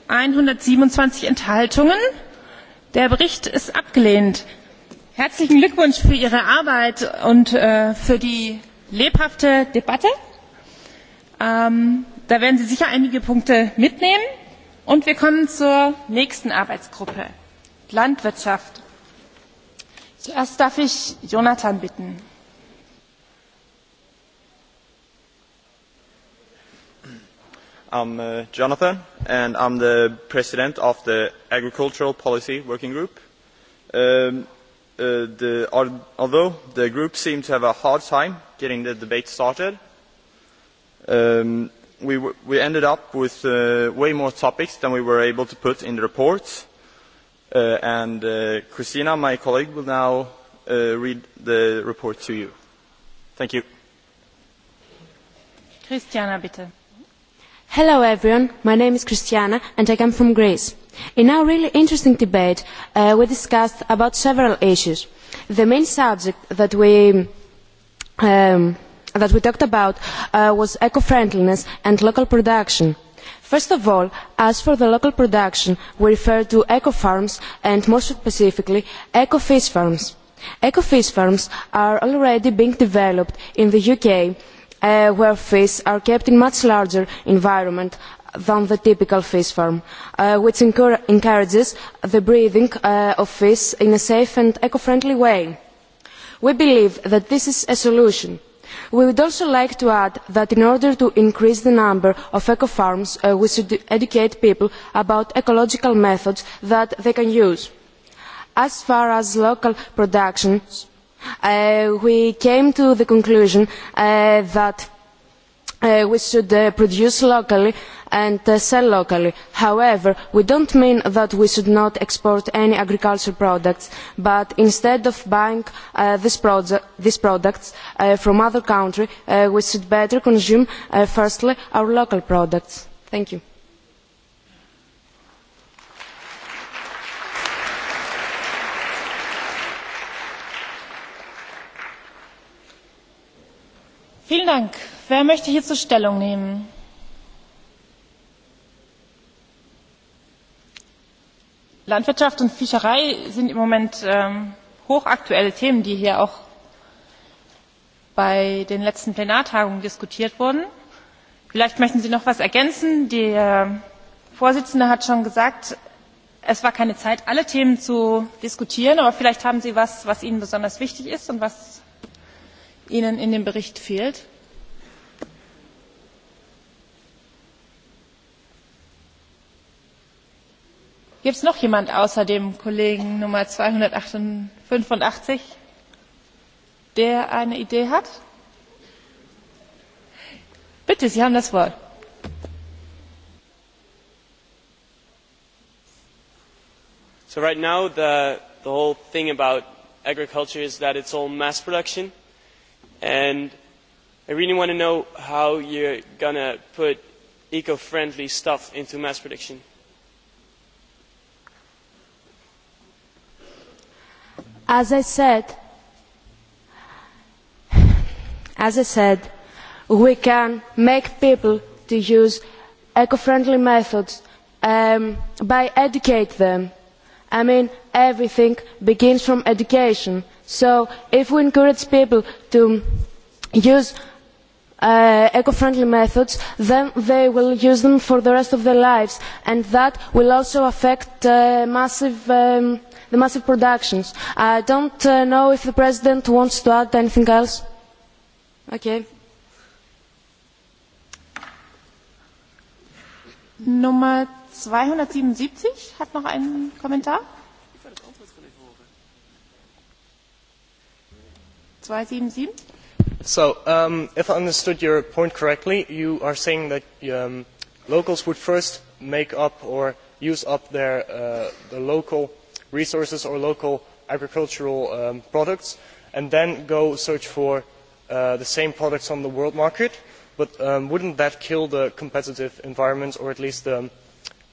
Speaker 14: einhundertsiebenundzwanzig enthaltungen. der bericht ist abgelehnt. herzlichen glückwunsch für ihre arbeit und für die lebhafte debatte. da werden sie sicher einige punkte mitnehmen. und wir kommen zur nächsten arbeitsgruppe landwirtschaft. zuerst darf ich jonathan bitten.
Speaker 9: I'm uh, Jonathan, and I'm the president of the Agricultural Policy Working Group. Um, uh, the, although the group seemed to have a hard time getting the debate started, um, we, w- we ended up with uh, way more topics than we were able to put in the report. Uh, and uh, Christina, my colleague, will now uh, read the report to you. Thank you.
Speaker 16: Hello everyone, my name is Christiana and I come from Greece. In our really interesting debate, uh, we discussed about several issues. The main subject that we um, that we talked about uh, was eco-friendliness and local production. First of all, as for the local production, we refer to eco-farms and more specifically, eco-fish farms. Eco-fish farms are already being developed in the UK where fish are kept in much larger environment than the typical fish farm, which encourages the breeding of fish in a safe and eco-friendly way. We believe that this is a solution. We would also like to add that in order to increase the number of eco-farms, we should educate people about ecological methods that they can use. As far as local productions we came to the conclusion that we should produce locally and sell locally. However, we do not mean that we should not export any agricultural products, but instead of buying these products from other countries, we should better consume firstly our local products. Thank you.
Speaker 14: Vielen Dank. Wer möchte hierzu Stellung nehmen? Landwirtschaft und Fischerei sind im Moment ähm, hochaktuelle Themen, die hier auch bei den letzten Plenartagungen diskutiert wurden. Vielleicht möchten Sie noch etwas ergänzen. Der Vorsitzende hat schon gesagt, es war keine Zeit, alle Themen zu diskutieren, aber vielleicht haben Sie etwas, was Ihnen besonders wichtig ist und was ihnen in dem bericht fehlt? gibt es noch jemand außer dem kollegen nummer zweihundertfünfundachtzig der eine idee hat? bitte sie haben das wort.
Speaker 9: so right now the, the whole thing about agriculture is that it's all mass production and i really want to know how you're going to put eco-friendly stuff into mass production.
Speaker 16: As I said, as I said, we can make people to use eco-friendly methods um, by educate them. I mean, everything begins from education So if we encourage people to use eco-friendly methods, then they will use them for the rest of their lives, and that will also affect massive, the massive productions. I don't know if the President wants to add anything else. Okay.
Speaker 14: Nummer 277 hat noch einen Kommentar.
Speaker 9: So, um, if I understood your point correctly, you are saying that um, locals would first make up or use up their uh, the local resources or local agricultural um, products, and then go search for uh, the same products on the world market. But um, wouldn't that kill the competitive environment, or at least the,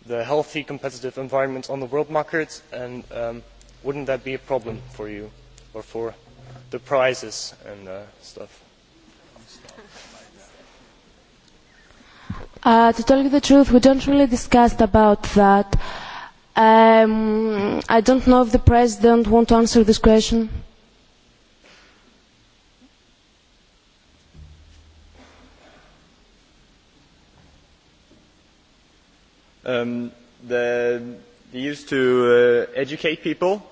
Speaker 9: the healthy competitive environment on the world market? And um, wouldn't that be a problem for you or for the prizes and uh, stuff.
Speaker 16: Uh, to tell you the truth, we don't really discuss about that. Um, I don't know if the president wants to answer this question.
Speaker 9: Um, the, they used to uh, educate people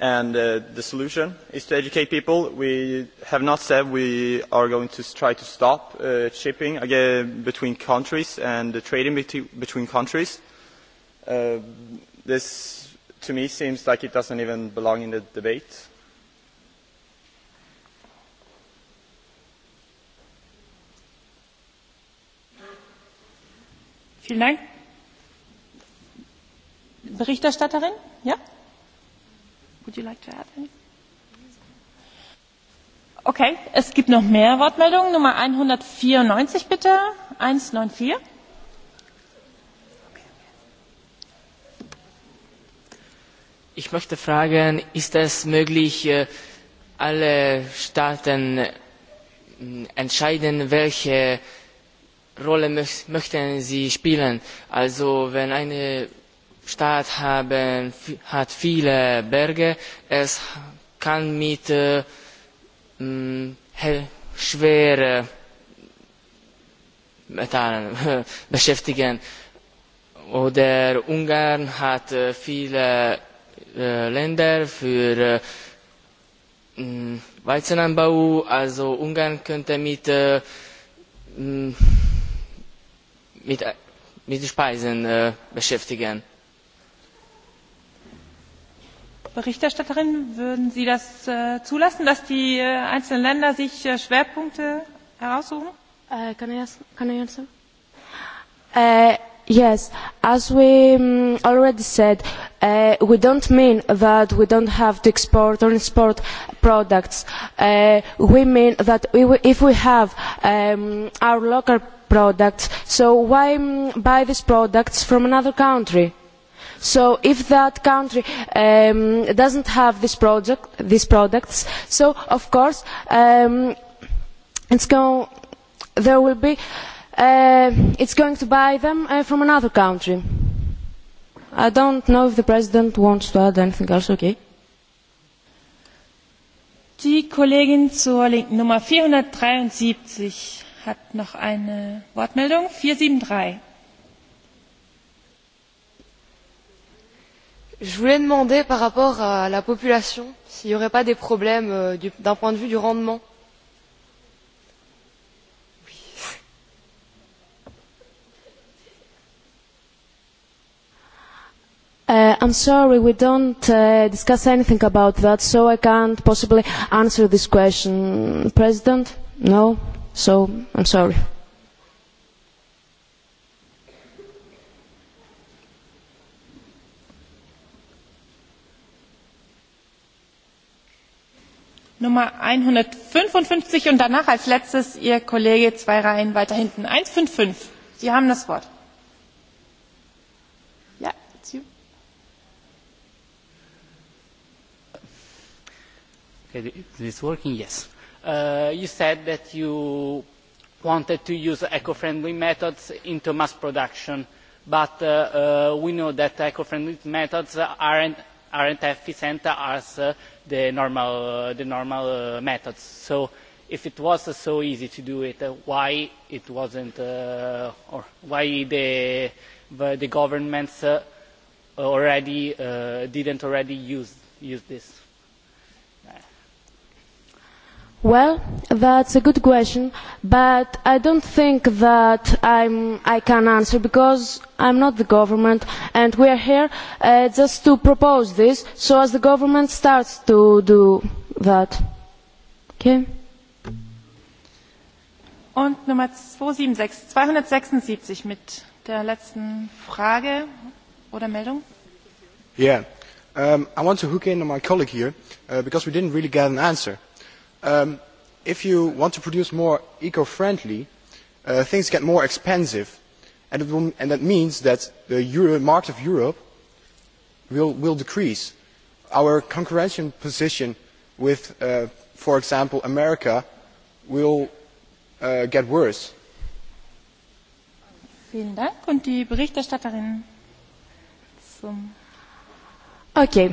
Speaker 9: And uh, the solution is to educate people. We have not said we are going to try to stop uh, shipping again between countries and the trading between countries. Uh, this, to me, seems like it doesn't even belong in the debate.
Speaker 14: Vielen Dank. Berichterstatterin? Ja? Would you like to add anything? Okay, es gibt noch mehr Wortmeldungen. Nummer 194 bitte. 194.
Speaker 10: Ich möchte fragen, ist es möglich, alle Staaten entscheiden, welche Rolle möchten sie spielen? Also wenn eine Stadt haben, hat viele Berge. Es kann mit äh, schweren Metallen beschäftigen. Oder Ungarn hat viele Länder für Weizenanbau, also Ungarn könnte mit, mit, mit Speisen beschäftigen
Speaker 14: Berichterstatterin, würden Sie das zulassen, dass die einzelnen Länder sich Schwerpunkte heraussuchen? can I ask,
Speaker 16: can I answer? Uh, yes, as we um, already said, uh, we don't mean that we don't have to export or export products. Uh, we mean that if we have um, our local products, so why buy these products from another country? So if that country um, doesn't have this project, these products, so of course um, it's going, there will be, uh, it's going to buy them uh, from another country. I don't know if the president wants to add anything else. Okay.
Speaker 14: Die Kollegin zur Linken Nummer 473 hat noch eine Wortmeldung. 473.
Speaker 8: je voulais demander par rapport à la population s'il n'y aurait pas des problèmes d'un point de vue
Speaker 1: du rendement.
Speaker 16: Uh, I'm sorry, we don't uh, discuss anything about that, so I can't possibly answer this question. President? No? So, I'm sorry.
Speaker 14: Nummer 155 und danach als letztes Ihr Kollege zwei Reihen weiter hinten. einhundertfünfundfünfzig Sie haben das Wort. Ja, it's you.
Speaker 10: working? Yes. Uh, you said that you wanted to use eco-friendly methods into mass production, but uh, uh, we know that eco-friendly methods aren't, aren't efficient as uh, the normal, uh the normal uh methods. So if it was so easy to do it, why it wasn't, uh, or why the, the governments uh, already uh, didn't already use, use this?
Speaker 16: Well, that's a good question, but I don't think that I'm, I can answer because I'm not the government and we are here uh, just to propose this so as the government starts to do that. Okay?
Speaker 14: Und Nummer 276, 276 mit der letzten Frage oder Meldung.
Speaker 11: Yeah, um, I want to hook in on my colleague here uh, because we didn't really get an answer if you want to produce more eco friendly things get more expensive and that means that the market of europe will decrease. our concurrential position with for example america will get worse.
Speaker 14: vielen dank und die berichterstatterin zum
Speaker 16: Okay,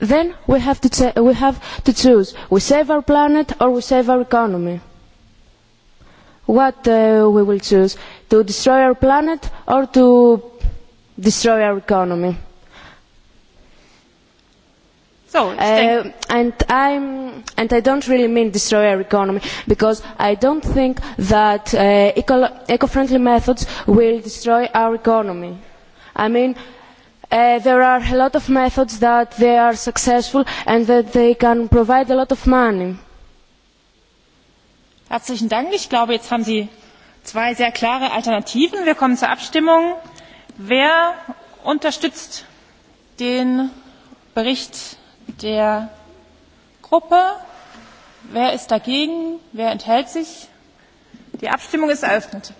Speaker 16: then we have to we have to choose: we save our planet or we save our economy. What uh, we will choose: to destroy our planet or to destroy our economy. So, uh, and I'm and I don't really mean destroy our economy because I don't think that uh, eco eco-friendly methods will destroy our economy. I mean there are a lot of methods that they are successful and that they can provide a lot of money.
Speaker 14: Herzlichen Dank. Ich glaube, jetzt haben Sie zwei sehr klare Alternativen. Wir kommen zur Abstimmung. Wer unterstützt den Bericht der Gruppe? Wer ist dagegen? Wer enthält sich? Die Abstimmung ist eröffnet.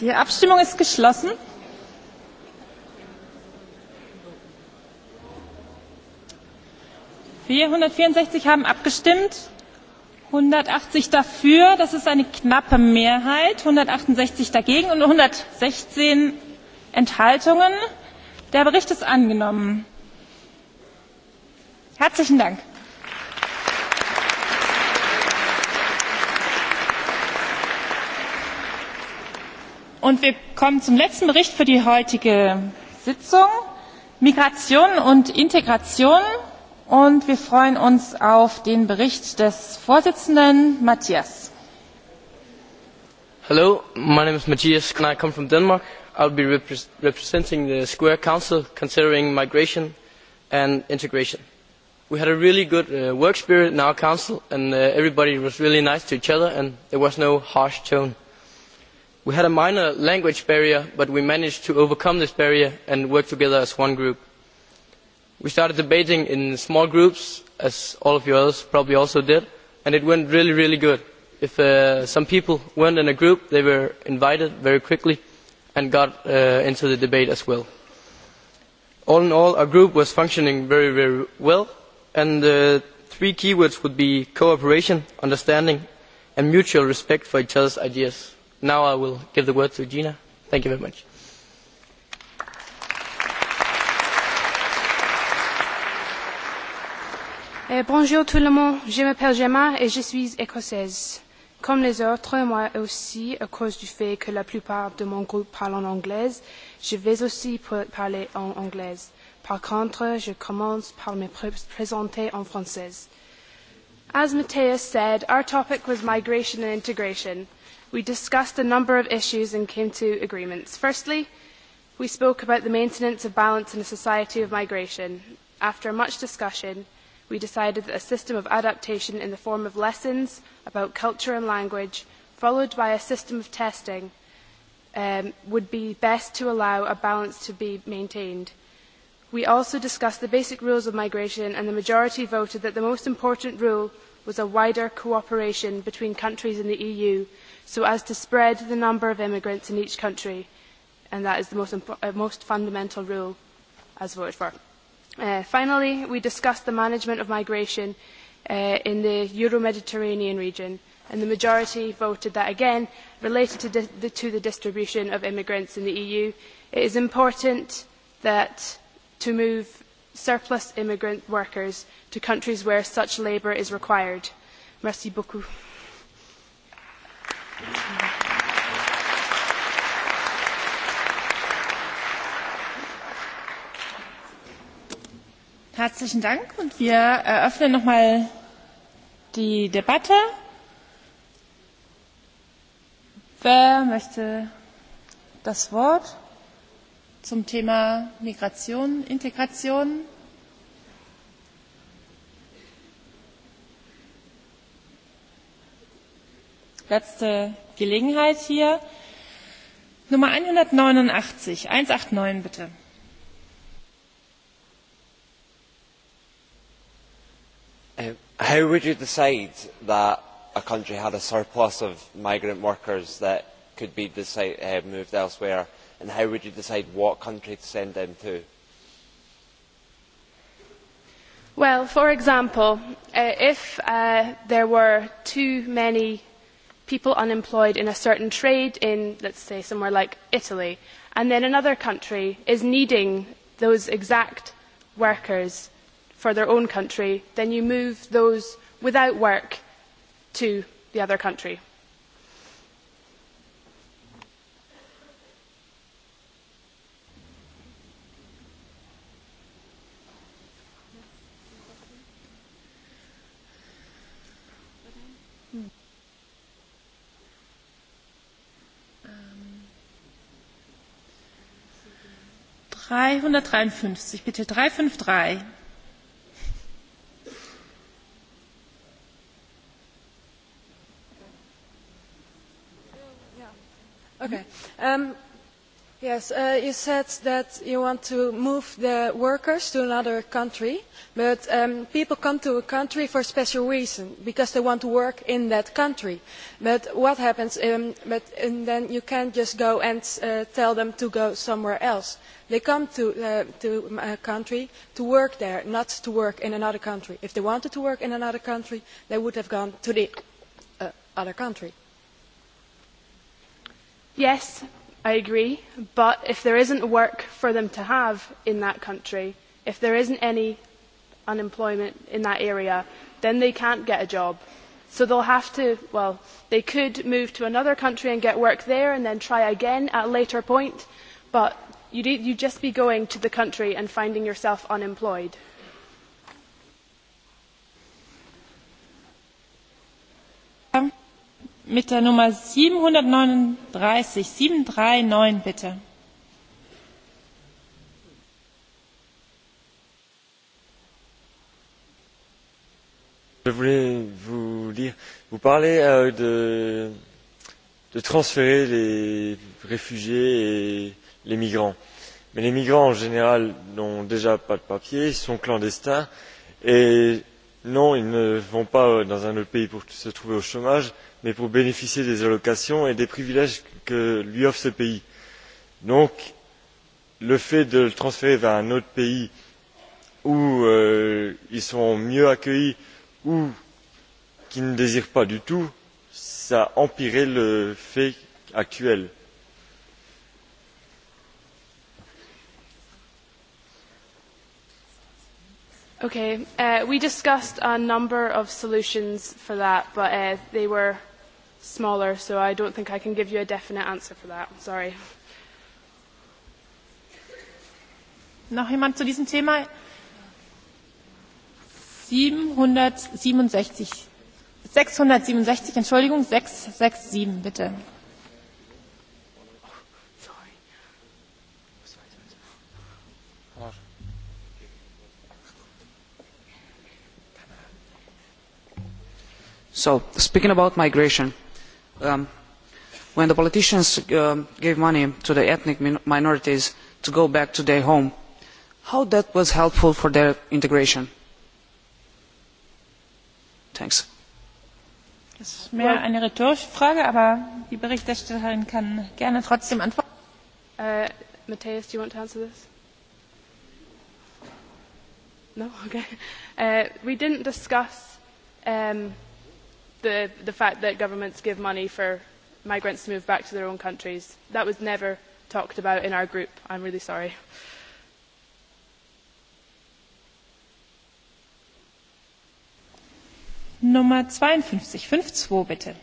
Speaker 14: Die Abstimmung ist geschlossen. vierhundertvierundsechzig haben abgestimmt einhundertachtzig dafür das ist eine knappe mehrheit einhundertachtundsechzig dagegen und einhundertsechzehn enthaltungen. der bericht ist angenommen. herzlichen dank! Und wir kommen zum letzten Bericht für die heutige Sitzung. Migration und Integration. Und wir freuen uns auf den Bericht des Vorsitzenden Matthias.
Speaker 12: Hello, my name is Matthias and I come from Denmark. I'll be repre representing the Square Council considering migration and integration. We had a really good uh, work spirit in our council and uh, everybody was really nice to each other and there was no harsh tone we had a minor language barrier but we managed to overcome this barrier and work together as one group. we started debating in small groups as all of you others probably also did and it went really really good. if some people were not in a group they were invited very quickly and got into the debate as well. all in all our group was functioning very very well and the three keywords would be cooperation understanding and mutual respect for each other's ideas now I will give the word to Gina. Thank you very much.
Speaker 5: bonjour tout le monde, je m'appelle Gemma et je suis écossaise. Comme les autres, moi aussi, à cause du fait que la plupart de mon groupe parle en anglais, je vais aussi parler en anglais. Par contre, je commence par me présenter en français. As Matthias said, our topic was migration and integration – we discussed a number of issues and came to agreements. Firstly, we spoke about the maintenance of balance in a society of migration. After much discussion, we decided that a system of adaptation in the form of lessons about culture and language, followed by a system of testing, would be best to allow a balance to be maintained. We also discussed the basic rules of migration, and the majority voted that the most important rule was a wider cooperation between countries in the EU so as to spread the number of immigrants in each country, and that is the most, uh, most fundamental rule as voted for. Uh, finally, we discussed the management of migration uh, in the Euro-Mediterranean region, and the majority voted that again, related to, di- the, to the distribution of immigrants in the EU, it is important that to move surplus immigrant workers to countries where such labour is required. Merci beaucoup.
Speaker 14: Herzlichen Dank. Und wir eröffnen nochmal die Debatte. Wer möchte das Wort zum Thema Migration, Integration? letzte Gelegenheit hier. Nummer 189, 189 bitte.
Speaker 9: How would you decide that a country had a surplus of migrant workers that could be decide, uh, moved elsewhere, and how would you decide what country to send them to?
Speaker 5: Well, for example, uh, if uh, there were too many people unemployed in a certain trade in, let us say, somewhere like Italy, and then another country is needing those exact workers for their own country, then you move those without work to the other country
Speaker 14: 353, bitte 353.
Speaker 8: Okay. Um, you said that you want to move the workers to another country, but people come to a country for a special reason, because they want to work in that country. But what happens, um, but, and then you can't just go and tell them to go somewhere else. They come to, a country to work there, not to work in another country. If they wanted to work in another country, they would have gone to the other country.
Speaker 5: Yes, I agree, but if there isn't work for them to have in that country, if there isn't any unemployment in that area, then they can't get a job. So they'll have to, well, they could move to another country and get work there and then try again at a later point, but you'd, you'd just be going to the country and finding yourself unemployed.
Speaker 14: mit der Nummer 739, 739 bitte.
Speaker 9: Je voulais vous dire, vous parlez euh, de, de transférer les réfugiés et les migrants. Mais les migrants en général n'ont déjà pas de papier, ils sont clandestins et non ils ne vont pas dans un autre pays pour se trouver au chômage mais pour bénéficier des allocations et des privilèges que lui offre ce pays. donc le fait de les transférer vers un autre pays où ils sont mieux accueillis ou qu'ils ne désirent pas du tout cela empirerait le fait actuel.
Speaker 5: Okay, uh, we discussed a number of solutions for that, but uh, they were smaller, so I don't think I can give you a definite answer for that. Sorry. Noch jemand zu diesem Thema?
Speaker 14: 767. 667, Entschuldigung, 667, bitte.
Speaker 9: So, speaking about migration, when the politicians gave money to the ethnic minorities
Speaker 10: to go back to their home, how that was helpful for their integration? Thanks.
Speaker 5: Das ist
Speaker 14: mehr eine rhetorische Frage, aber die Berichterstatterin kann gerne trotzdem antworten.
Speaker 5: Uh, Matthias, do you want to answer this? No? Okay. Uh, we didn't discuss um, the, the fact that governments give money for migrants to move back to their own countries. That was never talked about in our group. I'm really sorry.
Speaker 14: Nummer 52, 52 bitte.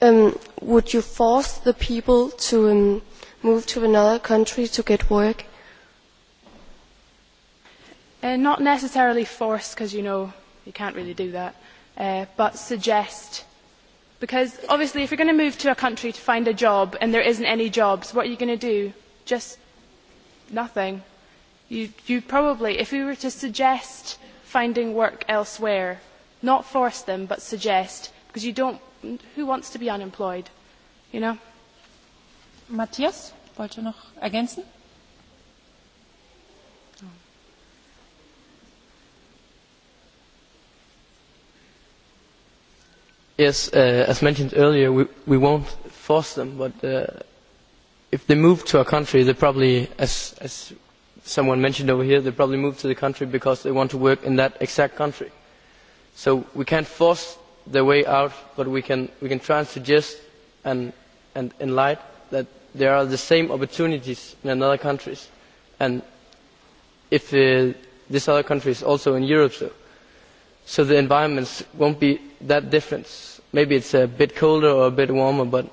Speaker 8: Um, would you force the
Speaker 16: people to um, move to another country to get work?
Speaker 5: uh, not necessarily force, because you know you can't really do that, uh, but suggest. Because obviously, if you're going to move to a country to find a job and there isn't any jobs, what are you going to do? Just nothing. You, you probably, if we were to suggest finding work elsewhere, not force them, but suggest, because you don't. Who wants to be unemployed? You know. Matthias, wollte noch ergänzen?
Speaker 12: Yes, uh, as mentioned earlier, we, we won't force them, but uh, if they move to a country, they probably, as, as someone mentioned over here, they probably move to the country because they want to work in that exact country. So we can't force their way out, but we can, we can try and suggest and, and enlighten that there are the same opportunities in another countries. And if uh, this other country is also in Europe, so, so the environments won't be that different maybe it's a bit colder or a bit warmer, but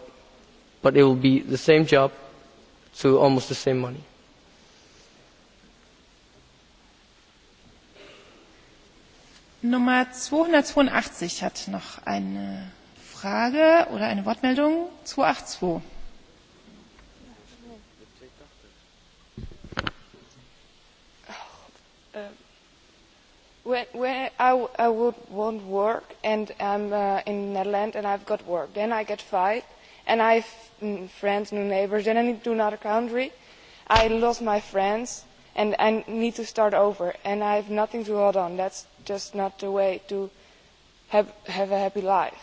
Speaker 12: but it will be the same job to almost the same money.
Speaker 14: Nummer 282 hat noch eine Frage oder eine Wortmeldung. 282.
Speaker 8: When, when I, w- I would want work and I'm uh, in Netherlands and I've got work, then I get fired and I have mm, friends, new neighbors, then I need to another country. I lost my friends and I need to start over and I have nothing to hold on. That's just not the way to
Speaker 14: have, have a happy life.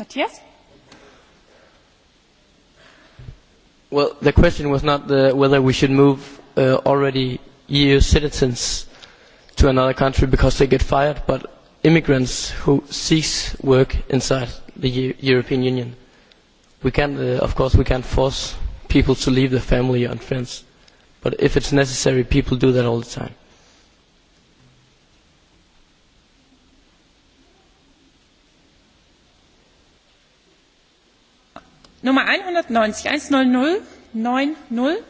Speaker 14: Matthias?
Speaker 12: Well, the question was not the, whether we should move uh, already EU citizens to another country because they get fired, but immigrants who cease work inside the U- European Union. We can, uh, of course, we can't force people to leave their family and friends, but if it's necessary, people do that all the time.
Speaker 14: Nummer 190, 190, 90,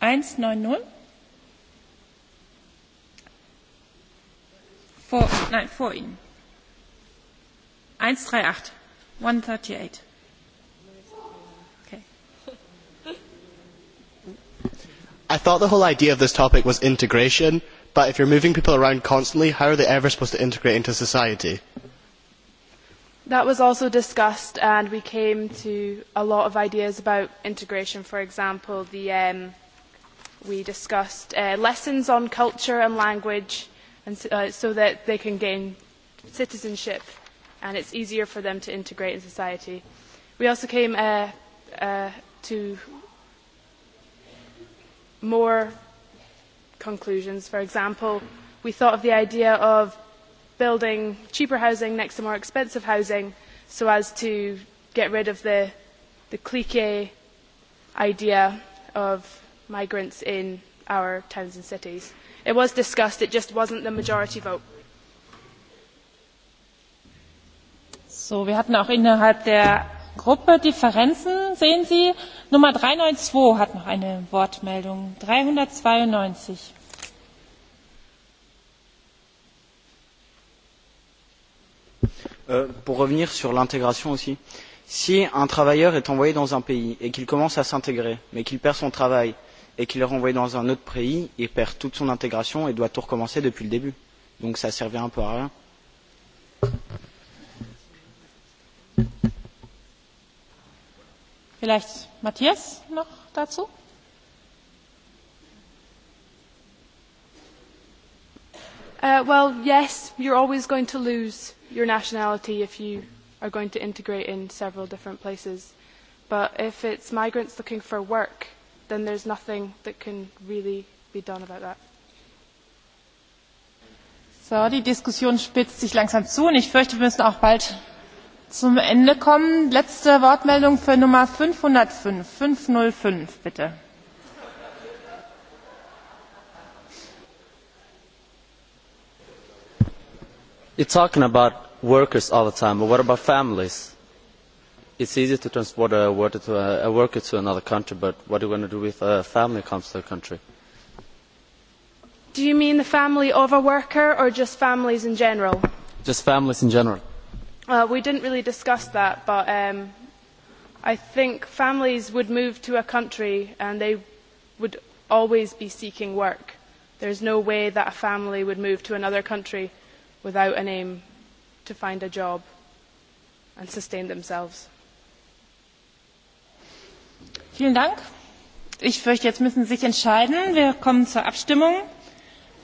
Speaker 14: 190. Vor, nein, vor Ihnen. 138, 138. Okay.
Speaker 9: I thought the whole idea of this topic was integration, but if you're moving people around constantly, how are they ever supposed to integrate into society?
Speaker 5: That was also discussed, and we came to a lot of ideas about integration. For example, the, um, we discussed uh, lessons on culture and language and, uh, so that they can gain citizenship and it's easier for them to integrate in society. We also came uh, uh, to more conclusions. For example, we thought of the idea of building cheaper housing next to more expensive housing so as to get rid of the, the clique idea of migrants in our towns and cities. It was discussed, it just wasn't the majority vote.
Speaker 14: So, wir hatten auch innerhalb der Gruppe Differenzen, sehen Sie. Nummer 392 hat noch eine Wortmeldung. 392.
Speaker 4: pour revenir sur l'intégration aussi, si un travailleur est envoyé dans un pays et qu'il commence à s'intégrer, mais qu'il perd son travail et qu'il est renvoyé dans un autre pays, il perd toute son intégration et doit tout recommencer depuis le début. Donc ça servait un peu à rien.
Speaker 14: Vielleicht Matthias noch dazu?
Speaker 5: Uh, well, yes, you're always going to lose your nationality if you are going to integrate in several different places. But if it's migrants looking for work, then there's nothing that can really be done about that.
Speaker 14: So, die Diskussion spitzt sich langsam zu und ich fürchte, wir müssen auch bald zum Ende kommen. Letzte Wortmeldung für Nummer 505. 505, bitte.
Speaker 12: you are talking about workers all the time but what about families? it is easy to transport a worker to another country but what are you going to do if a family comes to the country?
Speaker 5: do you mean the family of a worker or just families in general?
Speaker 12: just families in general.
Speaker 5: we did not really discuss that but i think families would move to a country and they would always be seeking work. there is no way that a family would move to another country without an aim to find a job and sustain themselves.
Speaker 14: Vielen Dank. Ich fürchte, jetzt müssen Sie sich entscheiden. Wir kommen zur Abstimmung.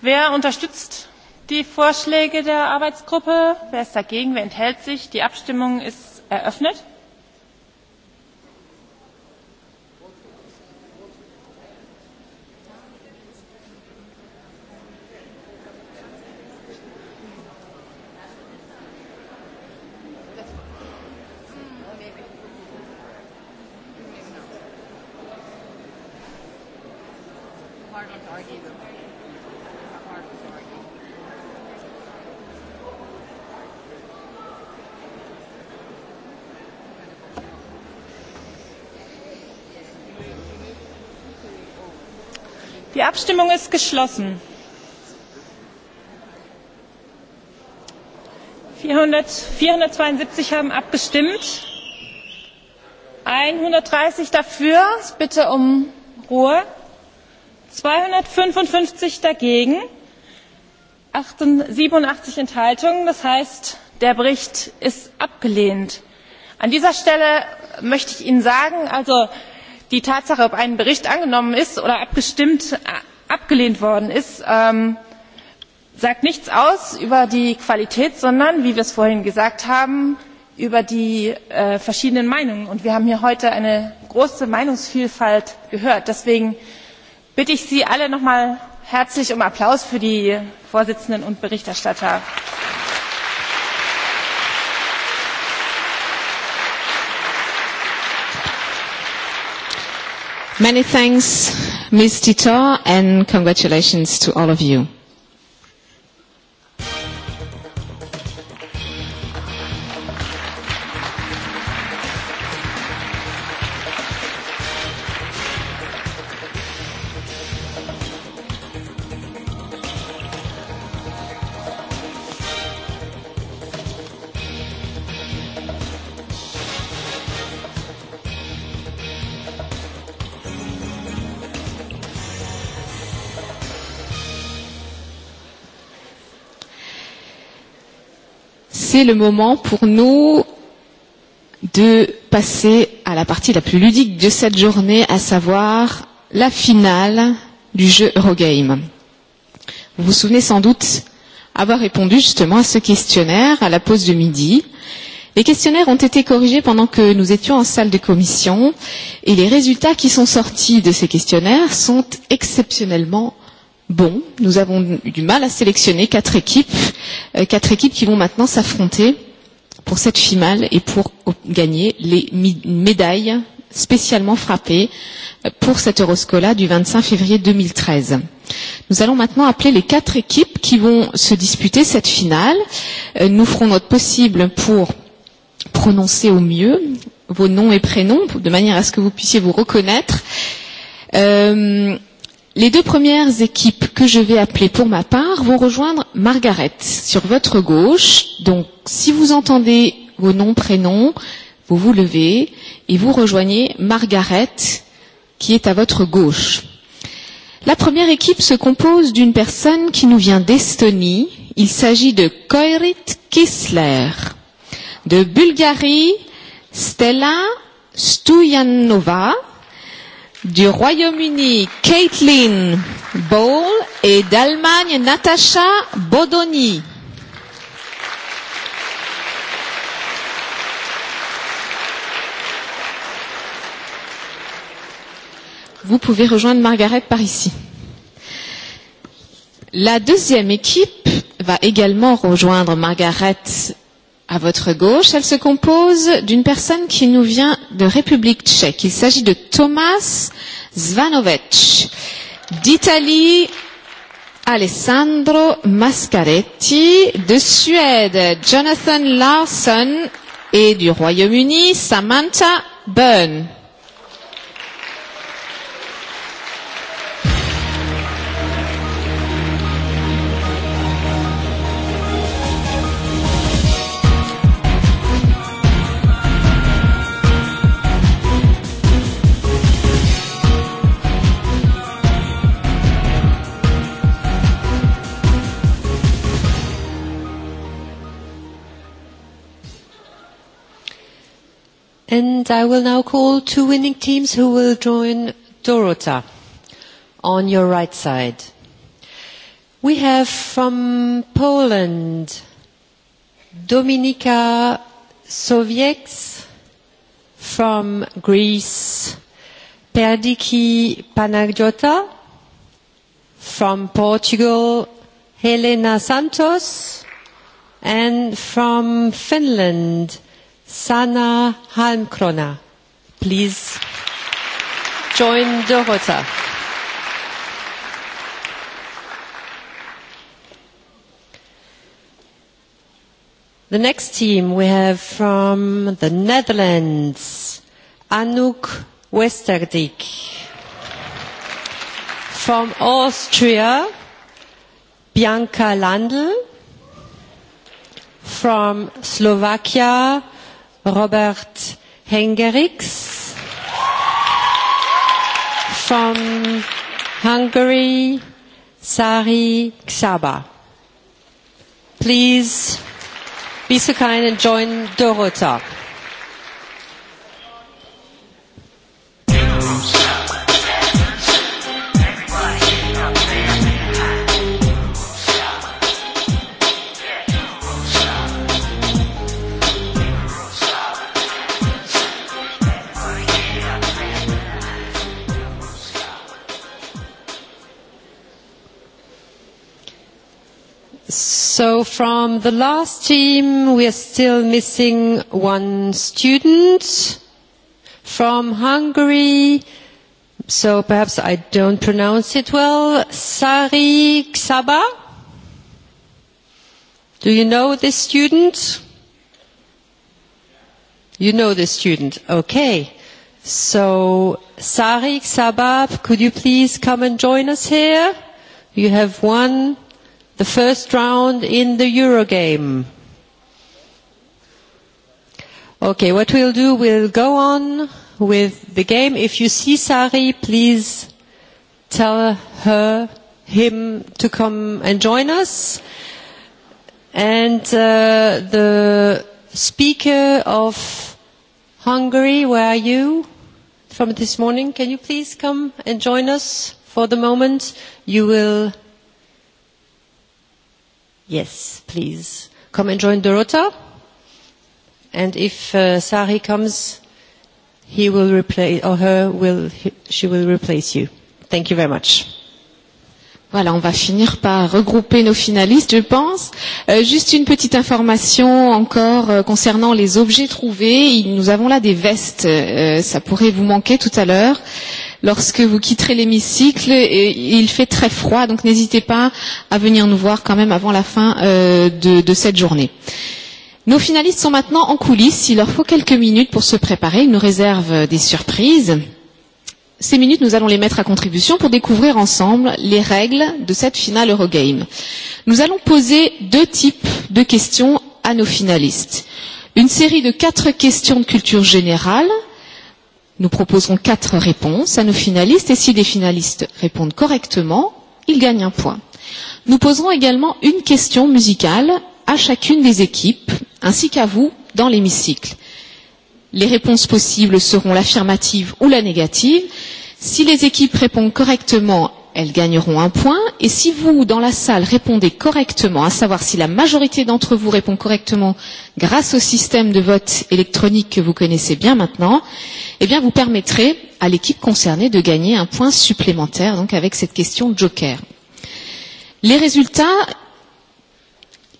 Speaker 14: Wer unterstützt die Vorschläge der Arbeitsgruppe? Wer ist dagegen? Wer enthält sich? Die Abstimmung ist eröffnet. abstimmung ist geschlossen. vierhundertzweiundsiebzig haben abgestimmt einhundertdreißig dafür ich bitte um ruhe zweihundertfünfundfünfzig dagegen siebenundachtzig enthaltungen. das heißt der bericht ist abgelehnt. an dieser stelle möchte ich ihnen sagen die tatsache ob ein bericht angenommen oder abgelehnt worden ist sagt nichts aus über die qualität sondern wie wir es vorhin gesagt haben über die verschiedenen meinungen. wir haben hier heute eine große meinungsvielfalt gehört. deswegen bitte ich sie alle noch einmal herzlich um applaus für die vorsitzenden und berichterstatter.
Speaker 1: Many thanks, Ms. Titor, and congratulations to all of you. c'est le moment pour nous de passer à la partie la plus ludique de cette journée, à savoir la finale du jeu Eurogame. Vous vous souvenez sans doute avoir répondu justement à ce questionnaire à la pause de midi. Les questionnaires ont été corrigés pendant que nous étions en salle de commission et les résultats qui sont sortis de ces questionnaires sont exceptionnellement Bon, nous avons eu du mal à sélectionner quatre équipes, euh, quatre équipes qui vont maintenant s'affronter pour cette finale et pour gagner les médailles spécialement frappées pour cette Euroscola du 25 février 2013. Nous allons maintenant appeler les quatre équipes qui vont se disputer cette finale. Nous ferons notre possible pour prononcer au mieux vos noms et prénoms de manière à ce que vous puissiez vous reconnaître. Euh, Les deux premières équipes que je vais appeler pour ma part vont rejoindre Margaret sur votre gauche. Donc, si vous entendez vos noms, prénoms, vous vous levez et vous rejoignez Margaret qui est à votre gauche. La première équipe se compose d'une personne qui nous vient d'Estonie. Il s'agit de Koirit Kisler. De Bulgarie, Stella Stuyanova du Royaume-Uni, Caitlin Ball et d'Allemagne, Natacha Bodoni. Vous pouvez rejoindre Margaret par ici. La deuxième équipe va également rejoindre Margaret À votre gauche, elle se compose d'une personne qui nous vient de République tchèque. Il s'agit de Thomas Zvanovic. D'Italie, Alessandro Mascaretti. De Suède, Jonathan Larson. Et du Royaume-Uni, Samantha Byrne.
Speaker 17: and I will now call two winning teams who will join Dorota on your right side. We have from Poland Dominika Sowiecz, from Greece Perdiki Panagiota, from Portugal Helena Santos, and from Finland Sana Hankrona. Please join the Dorota. The next team we have from the Netherlands, Anouk Westerdijk. From Austria, Bianca Landl. From Slovakia, Robert Hengerix from Hungary, Sari Xaba. Please be so kind and join Dorota. So from the last team, we are still missing one student from Hungary. So perhaps I don't pronounce it well. Sari Xaba? Do you know this student? You know this student. Okay. So Sari Xaba, could you please come and join us here? You have one the first round in the Eurogame. Okay, what we'll do, we'll go on with the game. If you see Sari, please tell her, him to come and join us. And uh, the speaker of Hungary, where are you from this morning? Can you please come and join us for the moment? You will Yes, please. Come and join Dorota. And if uh, Sari comes, he will replace, or her will, she will replace you. Thank you very much.
Speaker 1: Voilà, on va finir par regrouper nos finalistes, je pense. Euh, juste une petite information encore euh, concernant les objets trouvés. Nous avons là des vestes, euh, ça pourrait vous manquer tout à l'heure. Euh, lorsque vous quitterez l'hémicycle. Il fait très froid, donc n'hésitez pas à venir nous voir quand même avant la fin euh, de, de cette journée. Nos finalistes sont maintenant en coulisses. Il leur faut quelques minutes pour se préparer. Ils nous réservent des surprises. Ces minutes, nous allons les mettre à contribution pour découvrir ensemble les règles de cette finale Eurogame. Nous allons poser deux types de questions à nos finalistes. Une série de quatre questions de culture générale Nous proposerons quatre réponses à nos finalistes et si les finalistes répondent correctement, ils gagnent un point. Nous poserons également une question musicale à chacune des équipes ainsi qu'à vous dans l'hémicycle. Les réponses possibles seront l'affirmative ou la négative. Si les équipes répondent correctement elles gagneront un point. Et si vous, dans la salle, répondez correctement, à savoir si la majorité d'entre vous répond correctement grâce au système de vote électronique que vous connaissez bien maintenant, eh bien, vous permettrez à l'équipe concernée de gagner un point supplémentaire, donc avec cette question joker. Les résultats,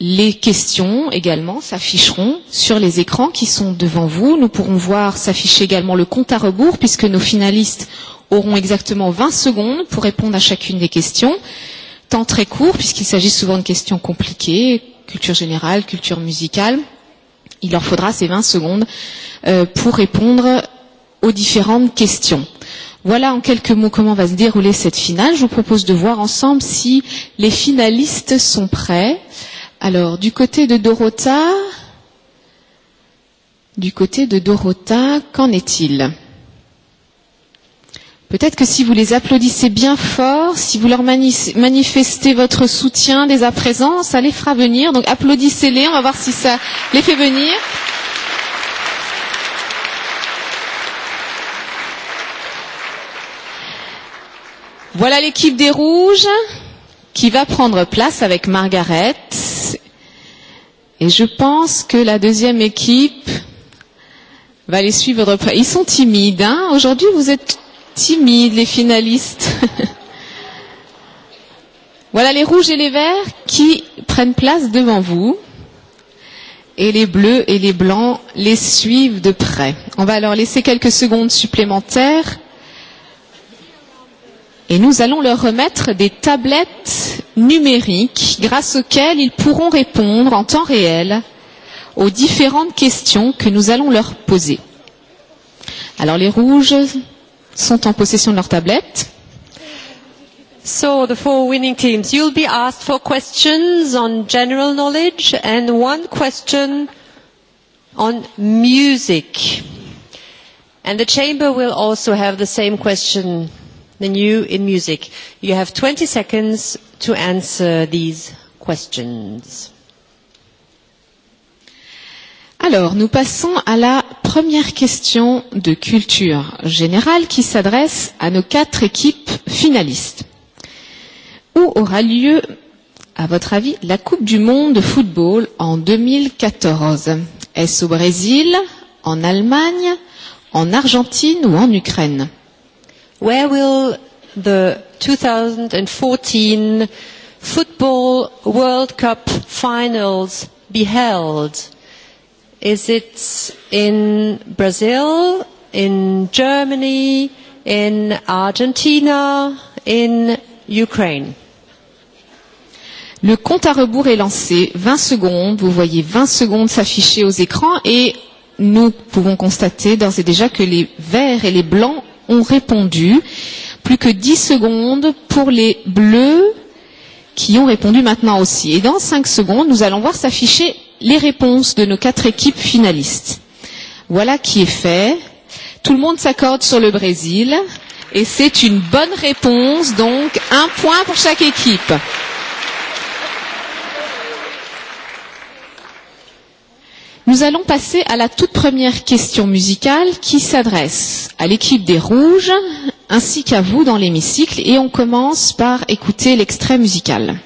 Speaker 1: les questions également s'afficheront sur les écrans qui sont devant vous. Nous pourrons voir s'afficher également le compte à rebours puisque nos finalistes auront exactement 20 secondes pour répondre à chacune des questions. Temps très court, puisqu'il s'agit souvent de questions compliquées, culture générale, culture musicale. Il leur faudra ces 20 secondes euh, pour répondre aux différentes questions. Voilà en quelques mots comment va se dérouler cette finale. Je vous propose de voir ensemble si les finalistes sont prêts. Alors, du côté de Dorota, du côté de Dorota, qu'en est-il? Peut-être que si vous les applaudissez bien fort, si vous leur manifestez votre soutien dès à présent, ça les fera venir. Donc applaudissez-les, on va voir si ça les fait venir. Voilà l'équipe des Rouges qui va prendre place avec Margaret. Et je pense que la deuxième équipe va les suivre. Ils sont timides. Hein Aujourd'hui, vous êtes timides, les finalistes. voilà les rouges et les verts qui prennent place devant vous. Et les bleus et les blancs les suivent de près. On va leur laisser quelques secondes supplémentaires. Et nous allons leur remettre des tablettes numériques grâce auxquelles ils pourront répondre en temps réel aux différentes questions que nous allons leur poser. Alors les rouges, sont en possession de leur tablette.
Speaker 17: So the four winning teams, you'll be asked four questions on general knowledge and one question on music. And the chamber will also have the same question than you in music. You have 20 seconds to answer these questions.
Speaker 1: Alors, nous passons à la première question de culture générale qui s'adresse à nos quatre équipes finalistes. Où aura lieu, à votre avis, la Coupe du Monde de football en 2014 Est-ce au Brésil, en Allemagne, en Argentine ou en Ukraine
Speaker 17: Where will the 2014 Football World Cup Finals be held Is it in Brazil, in Germany, in Argentina, in Ukraine?
Speaker 1: Le compte à rebours est lancé. 20 secondes. Vous voyez 20 secondes s'afficher aux écrans et nous pouvons constater d'ores et déjà que les verts et les blancs ont répondu. Plus que 10 secondes pour les bleus, qui ont répondu maintenant aussi. Et dans cinq secondes, nous allons voir s'afficher les réponses de nos quatre équipes finalistes. Voilà qui est fait. Tout le monde s'accorde sur le Brésil. Et c'est une bonne réponse, donc un point pour chaque équipe. Nous allons passer à la toute première question musicale qui s'adresse à l'équipe des Rouges ainsi qu'à vous dans l'hémicycle et on commence par écouter l'extrait musical.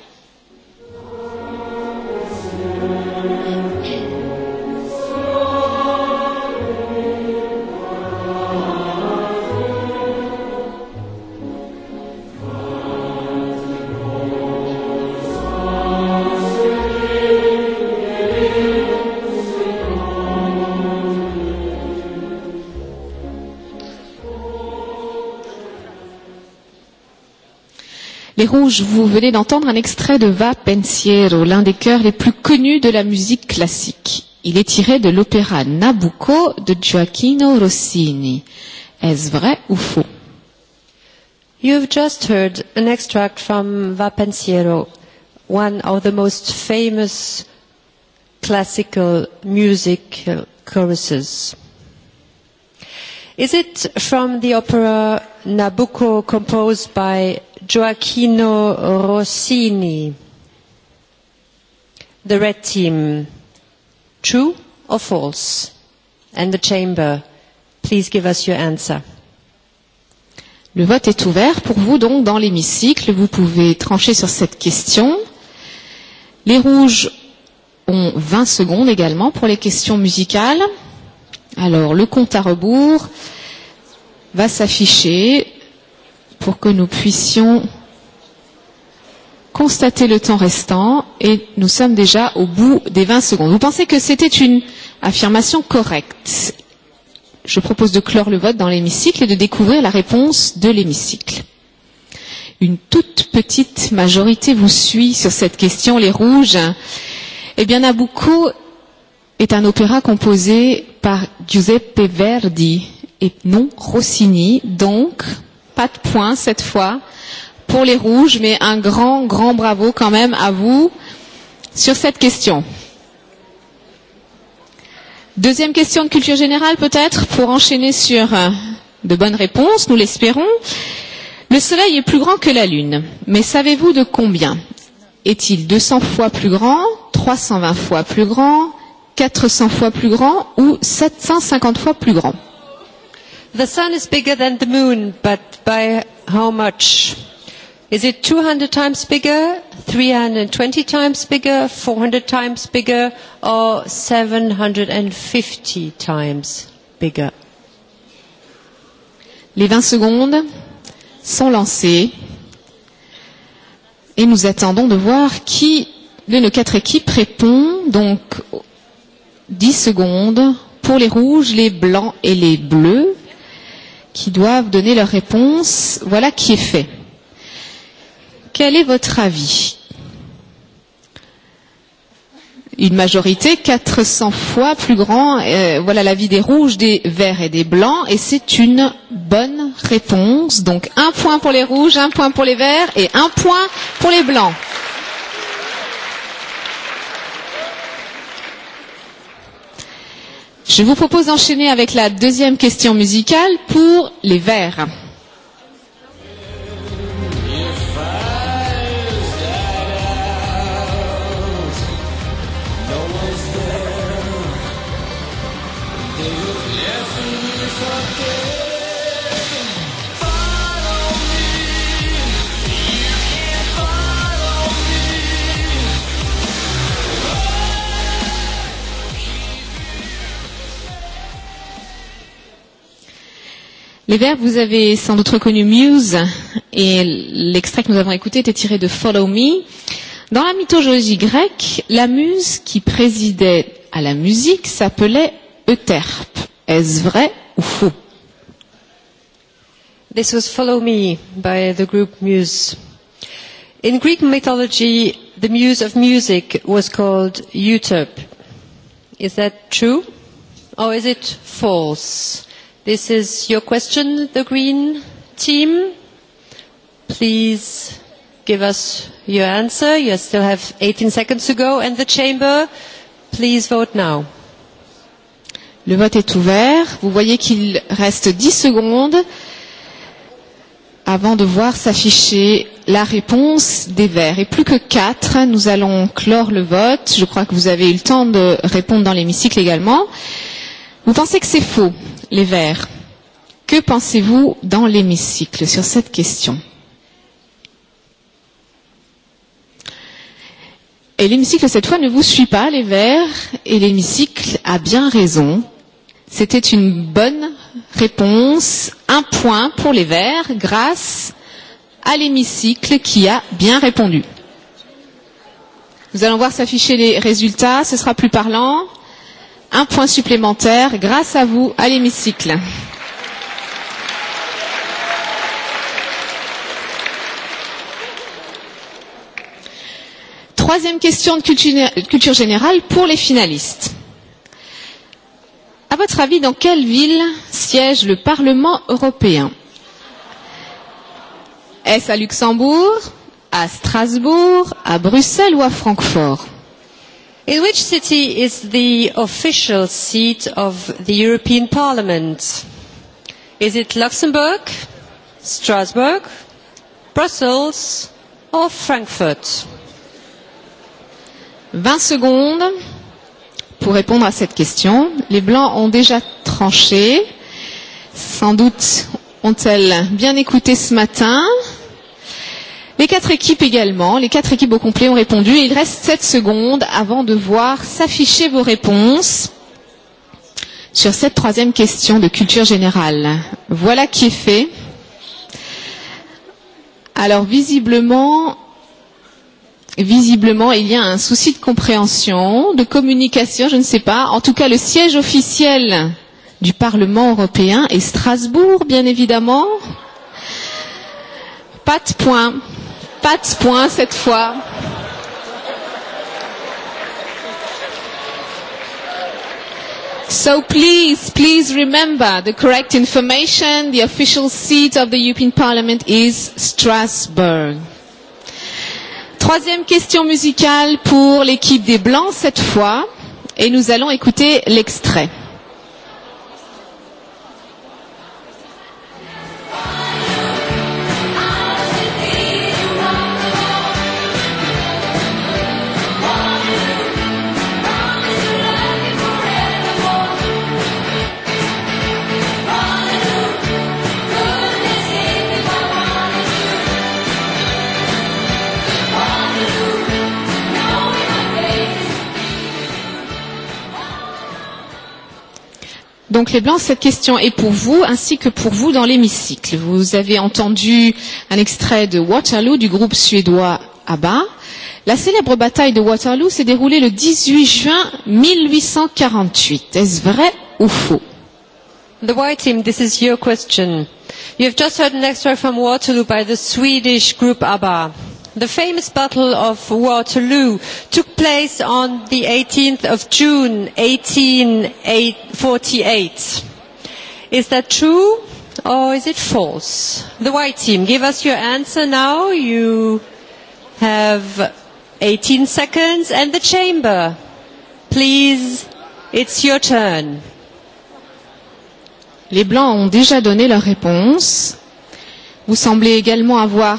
Speaker 1: Les Rouges, vous venez d'entendre un extrait de Va Pensiero, l'un des chœurs les plus connus de la musique classique. Il est tiré de l'opéra Nabucco de Gioacchino Rossini.
Speaker 17: Est-ce vrai ou faux You've just heard an extract from Va Pensiero, one of the most famous classical music choruses. Is it from the opera Nabucco composed by Gioacchino Rossini. The red team, true or false? And the chamber, please give us your answer.
Speaker 1: Le vote est ouvert pour vous donc dans l'hémicycle. Vous pouvez trancher sur cette question. Les rouges ont 20 secondes également pour les questions musicales. Alors le compte à rebours va s'afficher pour que nous puissions constater le temps restant et nous sommes déjà au bout des 20 secondes. Vous pensez que c'était une affirmation correcte Je propose de clore le vote dans l'hémicycle et de découvrir la réponse de l'hémicycle. Une toute petite majorité vous suit sur cette question, les rouges. Eh bien, Nabucco est un opéra composé par Giuseppe Verdi et non Rossini, donc Pas de points cette fois pour les rouges, mais un grand, grand bravo quand même à vous sur cette question. Deuxième question de culture générale peut-être pour enchaîner sur de bonnes réponses, nous l'espérons. Le Soleil est plus grand que la Lune, mais savez-vous de combien Est-il 200 fois plus grand, 320 fois plus grand, 400 fois plus grand ou 750 fois plus grand
Speaker 17: The sun is bigger than the moon, but by how much? Is it 200 times bigger, 320 times bigger, 400 times bigger, or 750 times bigger?
Speaker 1: Les 20 secondes sont lancées et nous attendons de voir qui de nos quatre équipes répond. Donc 10 secondes pour les rouges, les blancs et les bleus qui doivent donner leur réponse. Voilà qui est fait. Quel est votre avis Une majorité 400 fois plus grand. Euh, voilà l'avis des rouges, des verts et des blancs. Et c'est une bonne réponse. Donc un point pour les rouges, un point pour les verts et un point pour les blancs. Je vous propose d'enchaîner avec la deuxième question musicale pour les verts. Les verbes, vous avez sans doute reconnu Muse et l'extrait que nous avons écouté était tiré de Follow Me. Dans la mythologie grecque, la muse qui présidait à la musique s'appelait Euterpe. Est-ce vrai ou faux
Speaker 17: This was Follow Me by the group Muse. In Greek mythology, the muse of music was called Euterpe. Is that true or is it false? This is your question, the Green team. Please give us your answer. You still have 18 seconds to go. And the chamber, please vote now. Le vote est ouvert. Vous voyez qu'il reste
Speaker 1: 10 secondes avant de voir s'afficher la réponse des verts. Et plus que 4, nous allons clore le vote. Je crois que vous avez eu le temps de répondre dans l'hémicycle également. Euh, Vous pensez que c'est faux, les Verts. Que pensez-vous dans l'hémicycle sur cette question Et l'hémicycle, cette fois, ne vous suit pas, les Verts, et l'hémicycle a bien raison. C'était une bonne réponse, un point pour les Verts, grâce à l'hémicycle qui a bien répondu. Nous allons voir s'afficher les résultats, ce sera plus parlant un point supplémentaire grâce à vous à l'hémicycle. Troisième question de culture générale pour les finalistes. À votre avis, dans quelle ville siège le Parlement européen Est-ce à Luxembourg, à Strasbourg, à Bruxelles ou à Francfort
Speaker 17: In which city is the official seat of the European Parliament? Is it Luxembourg, Strasbourg, Brussels or Frankfurt? 20 secondes
Speaker 1: pour répondre à cette question. Les Blancs ont déjà tranché. Sans doute ont-elles bien écouté ce matin Les quatre équipes également, les quatre équipes au complet ont répondu. Il reste 7 secondes avant de voir s'afficher vos réponses sur cette troisième question de culture générale. Voilà qui est fait. Alors visiblement, visiblement, il y a un souci de compréhension, de communication, je ne sais pas. En tout cas, le siège officiel du Parlement européen est Strasbourg, bien évidemment. Pas de point. Pas de point cette fois. So please, please remember the correct information. The official seat of the European Parliament is Strasbourg. Troisième question musicale pour l'équipe des Blancs cette fois. Et nous allons écouter l'extrait. Donc les Blancs, cette question est pour vous ainsi que pour vous dans l'hémicycle. Vous avez entendu un extrait de Waterloo du groupe suédois ABBA. La célèbre bataille de Waterloo s'est déroulée le 18 juin
Speaker 17: 1848. Est-ce vrai ou faux The White Team, this is your question. You have just heard an extract from Waterloo by the Swedish group ABBA. The famous Battle of Waterloo took place on the 18th of June 1848. Is that true or is it false? The white team, give us your answer now. You have 18 seconds and the chamber. Please, it's your turn. Les blancs ont déjà
Speaker 1: donné leur réponse. Vous semblez également avoir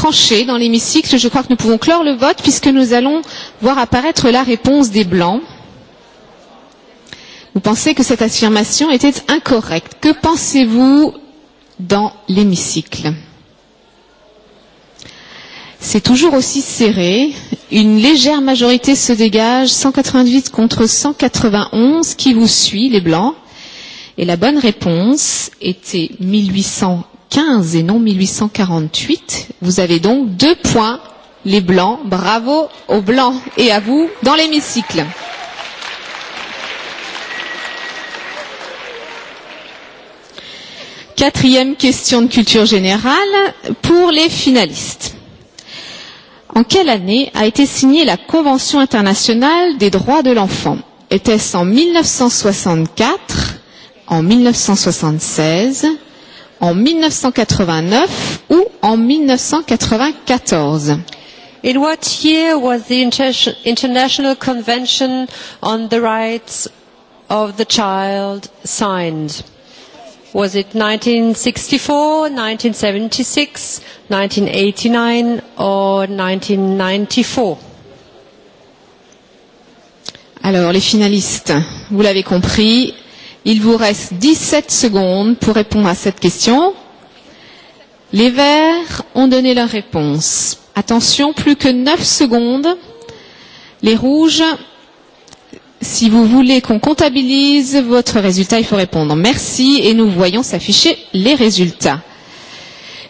Speaker 1: tranché dans l'hémicycle. Je crois que nous pouvons clore le vote puisque nous allons voir apparaître la réponse des Blancs. Vous pensez que cette affirmation était incorrecte. Que pensez-vous dans l'hémicycle C'est toujours aussi serré. Une légère majorité se dégage, 188 contre 191, qui vous suit, les Blancs. Et la bonne réponse était 1800 1815 et non 1848. Vous avez donc deux points, les blancs. Bravo aux blancs et à vous dans l'hémicycle. Quatrième question de culture générale pour les finalistes. En quelle année a été signée la Convention internationale des droits de l'enfant Était-ce en 1964, en 1976 en 1989 ou en 1994.
Speaker 17: In what year was the International Convention on the Rights of the Child signed? Was it 1964, 1976, 1989 or 1994?
Speaker 1: Alors, les finalistes, vous l'avez compris, Il vous reste 17 secondes pour répondre à cette question. Les verts ont donné leur réponse. Attention, plus que 9 secondes. Les rouges, si vous voulez qu'on comptabilise votre résultat, il faut répondre merci et nous voyons s'afficher les résultats.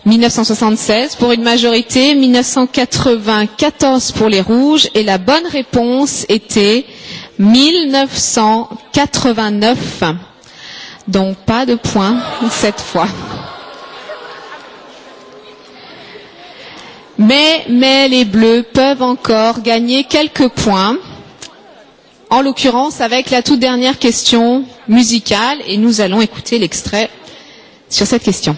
Speaker 1: 1976 pour une majorité, 1994 pour les rouges et la bonne réponse était 1989. Donc pas de points cette fois. Mais, mais les bleus peuvent encore gagner quelques points. En l'occurrence avec la toute dernière question musicale et nous allons écouter l'extrait sur cette question.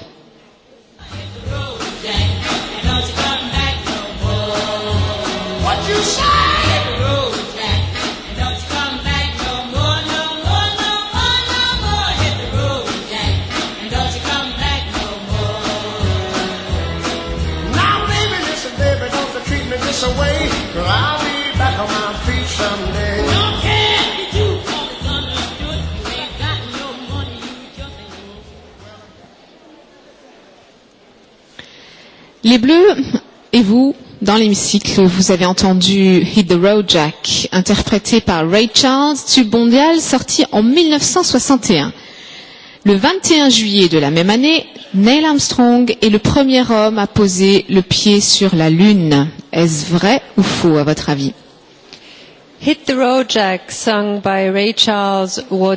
Speaker 1: Les Bleus et vous, dans l'hémicycle, vous avez entendu Hit the Road Jack, interprété par Ray Charles, tube mondial sorti en 1961. Le 21 juillet de la même année, Neil Armstrong est le premier homme à poser le pied sur la Lune. Est-ce vrai ou faux à votre avis
Speaker 17: Hit the Road Jack, sung by Ray Charles, was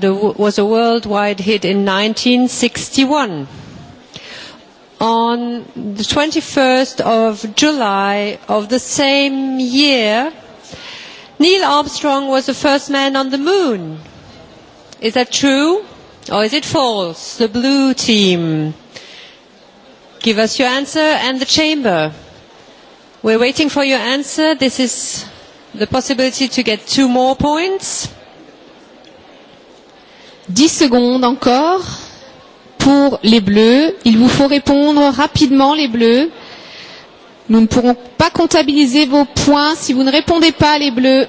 Speaker 17: a worldwide hit in 1961 on the 21st of July of the same year, Neil Armstrong was the first man on the moon. Is that true or is it false? The blue team. Give us your answer and the chamber. We're waiting for your answer. This is the possibility to get two more points. 10 secondes encore
Speaker 1: pour les bleus. Il vous faut répondre rapidement, les bleus. Nous ne pourrons pas comptabiliser vos points si vous ne répondez pas, les bleus.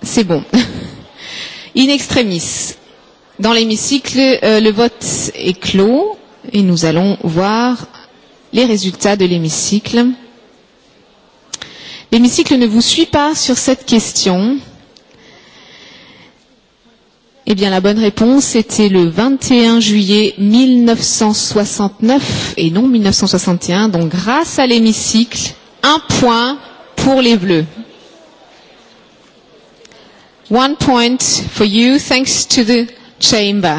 Speaker 1: C'est bon. In extremis. Dans l'hémicycle, euh, le vote est clos et nous allons voir les résultats de l'hémicycle. L'hémicycle ne vous suit pas sur cette question. Eh bien, la bonne réponse était le 21 juillet 1969 et non 1961. Donc, grâce à l'hémicycle, un point pour les Bleus. One point for you, thanks to the chamber.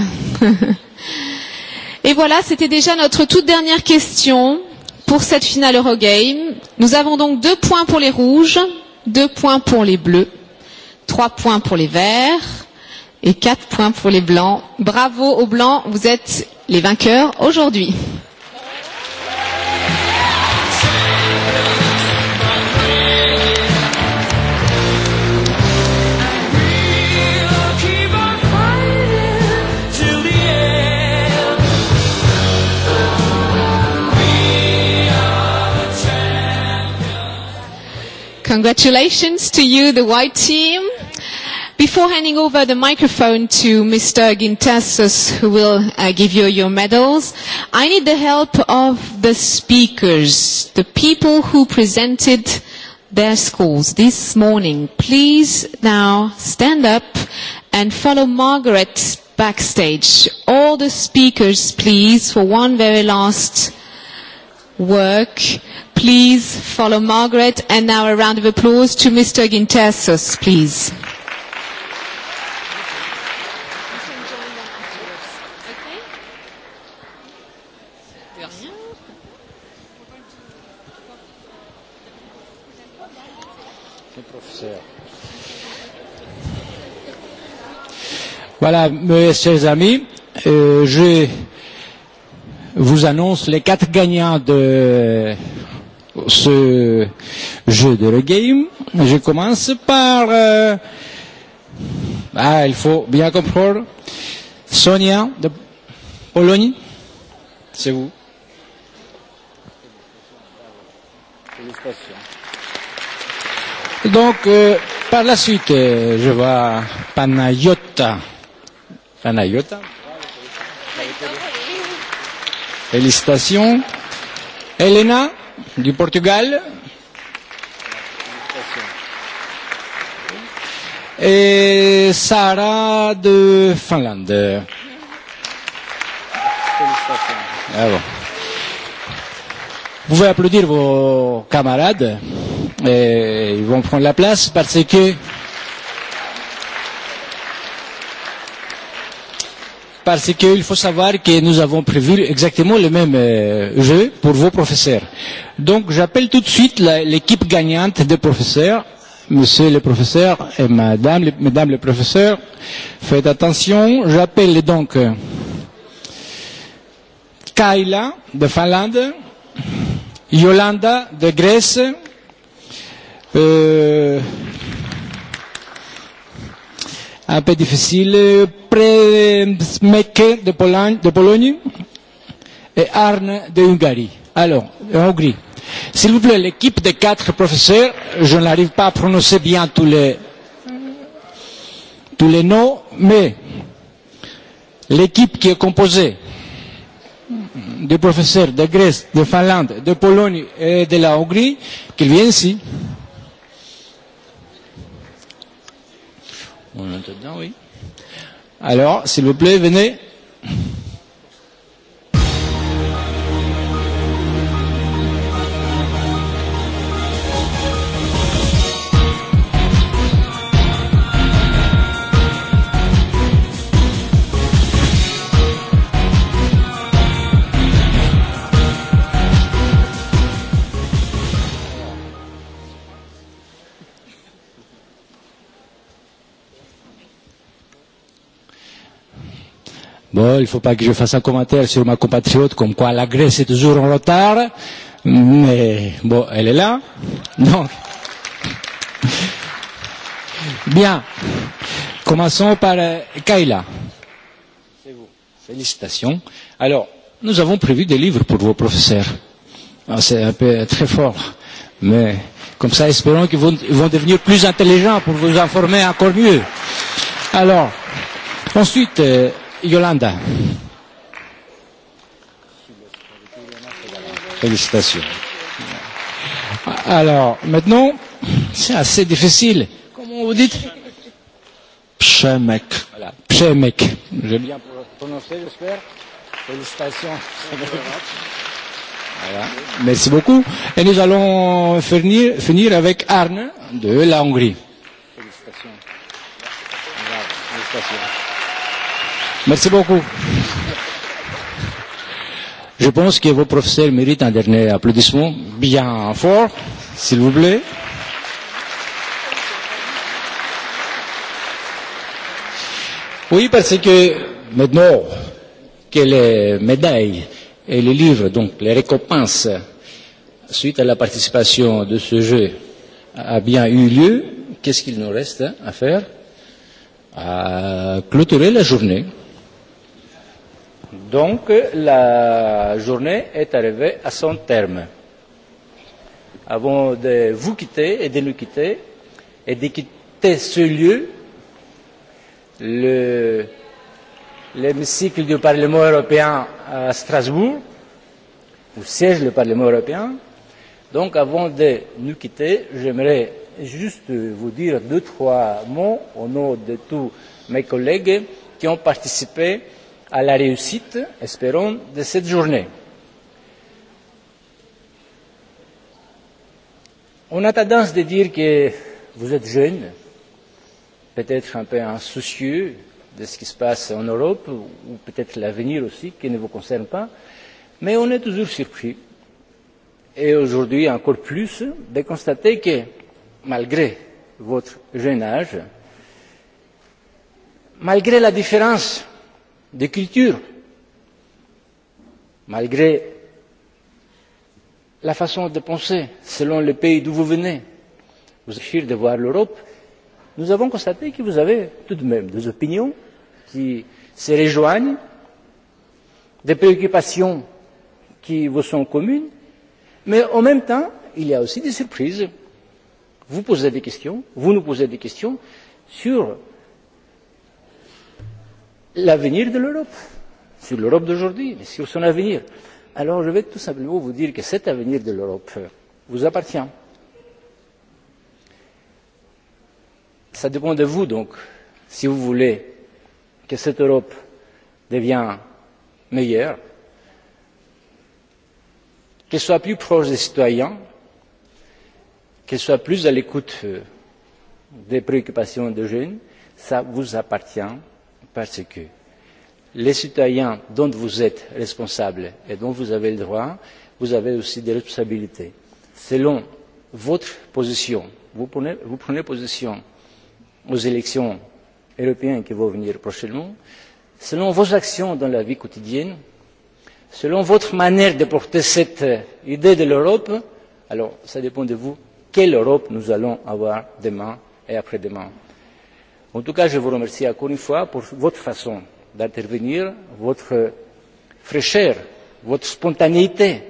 Speaker 1: et voilà, c'était déjà notre toute dernière question pour cette finale Eurogame. Nous avons donc deux points pour les rouges, deux points pour les bleus, trois points pour les verts et 4 points pour les blancs. Bravo aux blancs, vous êtes les vainqueurs aujourd'hui. Congratulations to you, the white team. Before handing over the microphone to Mr. Gintasos, who will uh, give you your medals, I need the help of the speakers, the people who presented their schools this morning. Please now stand up and follow Margaret backstage. All the speakers, please, for one very last work. Please follow Margaret. And now a round of applause to Mr. Gintasos, please.
Speaker 2: Voilà, mes chers amis, euh, je vous annonce les quatre gagnants de ce jeu de le game. Je commence par... Euh, ah, il faut bien comprendre. Sonia de Pologne, c'est vous. Donc, euh, par la suite, je vois Panayota. Panayota. Félicitations. Elena du Portugal. Et Sarah de Finlande. Félicitations. Vous pouvez applaudir vos camarades. Et ils vont prendre la place parce que parce qu'il faut savoir que nous avons prévu exactement le même euh, jeu pour vos professeurs. Donc j'appelle tout de suite l'équipe gagnante des professeurs. Monsieur le professeur et madame, le, mesdames les professeurs, faites attention. J'appelle donc Kaila de Finlande, Yolanda de Grèce, euh, un peu difficile, près de Smeke de Pologne, de Pologne et Arne de Hongrie. Alors, en Hongrie. S'il vous plaît, l'équipe de quatre professeurs, je n'arrive pas à prononcer bien tous les, tous les noms, mais l'équipe qui est composée des professeurs de Grèce, de Finlande, de Pologne et de la Hongrie, qu'ils viennent ici.
Speaker 12: On entend bien, oui.
Speaker 2: Alors, s'il vous plaît, venez. Bon, il ne faut pas que je fasse un commentaire sur ma compatriote comme quoi la Grèce est toujours en retard, mais bon, elle est là. Donc, bien. Commençons par Kaila. C'est vous. Félicitations. Alors, nous avons prévu des livres pour vos professeurs. C'est un peu très fort, mais comme ça, espérons qu'ils vont, vont devenir plus intelligents pour vous informer encore mieux. Alors, ensuite. Euh, Yolanda. Félicitations. Alors, maintenant, c'est assez difficile. Comment vous dites Pchemek. Voilà. Pchemek. J'ai bien prononcé, j'espère. Félicitations. Voilà. Merci beaucoup. Et nous allons finir, finir avec Arne de la Hongrie. Félicitations. Félicitations. Félicitations. Merci beaucoup. Je pense que vos professeurs méritent un dernier applaudissement bien fort, s'il vous plaît. Oui, parce que maintenant que les médailles et les livres, donc les récompenses, suite à la participation de ce jeu, a bien eu lieu, qu'est-ce qu'il nous reste à faire À clôturer la journée. Donc la journée est arrivée à son terme. Avant de vous quitter et de nous quitter et de quitter ce lieu, le, l'hémicycle du Parlement européen à Strasbourg, où siège le Parlement européen, donc avant de nous quitter, j'aimerais juste vous dire deux, trois mots au nom de tous mes collègues qui ont participé à la réussite, espérons, de cette journée. On a tendance à dire que vous êtes jeune, peut-être un peu insoucieux de ce qui se passe en Europe, ou peut-être l'avenir aussi, qui ne vous concerne pas, mais on est toujours surpris, et aujourd'hui encore plus, de constater que, malgré votre jeune âge, malgré la différence Des cultures malgré la façon de penser selon le pays d'où vous venez. Vous êtes de voir l'Europe. Nous avons constaté que vous avez tout de même des opinions qui se rejoignent, des préoccupations qui vous sont communes, mais en même temps, il y a aussi des surprises. Vous posez des questions, vous nous posez des questions sur l'avenir de l'Europe, sur l'Europe d'aujourd'hui, mais sur son avenir. Alors je vais tout simplement vous dire que cet avenir de l'Europe vous appartient. Ça dépend de vous donc, si vous voulez que cette Europe devienne meilleure, qu'elle soit plus proche des citoyens, qu'elle soit plus à l'écoute des préoccupations des jeunes, ça vous appartient parce que les citoyens dont vous êtes responsables et dont vous avez le droit, vous avez aussi des responsabilités. Selon votre position, vous prenez, vous prenez position aux élections européennes qui vont venir prochainement, selon vos actions dans la vie quotidienne, selon votre manière de porter cette idée de l'Europe, alors ça dépend de vous, quelle Europe nous allons avoir demain et après-demain. En tout cas, je vous remercie encore une fois pour votre façon d'intervenir, votre fraîcheur, votre spontanéité.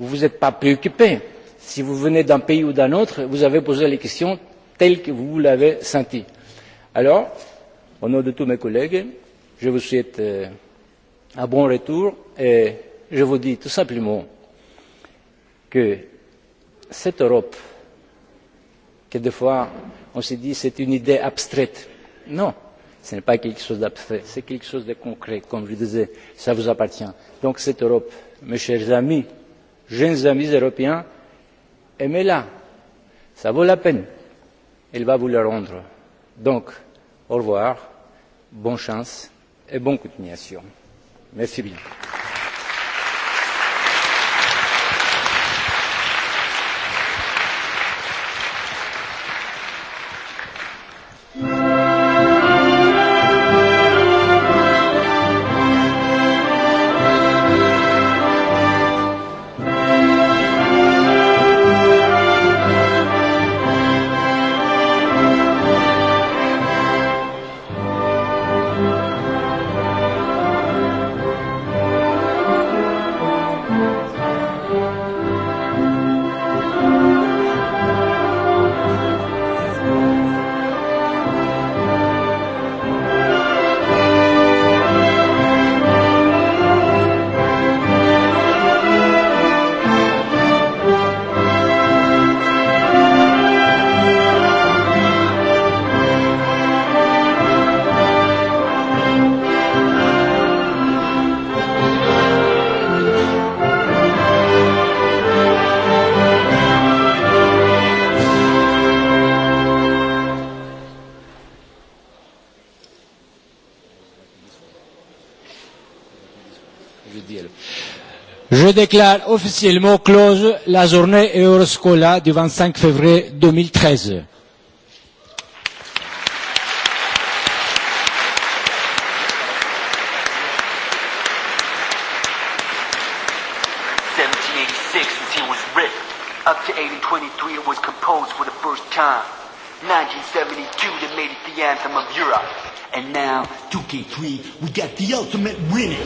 Speaker 2: Vous vous êtes pas préoccupé. Si vous venez d'un pays ou d'un autre, vous avez posé les questions telles que vous l'avez senti. Alors, au nom de tous mes collègues, je vous souhaite un bon retour et je vous dis tout simplement que cette Europe, que des fois on se dit c'est une idée abstraite, non ce n'est pas quelque chose d'abstrait c'est quelque chose de concret comme je disais ça vous appartient. donc cette europe mes chers amis jeunes amis européens aimez la ça vaut la peine elle va vous le rendre. donc au revoir bonne chance et bonne continuation. merci beaucoup. Je déclare officiellement close la journée Euroscola du 25 février 2013.
Speaker 10: Up to 1823, it was composed for the first time. 1972, they made it the anthem of
Speaker 9: Europe. And now, 2K3, we got the ultimate remix.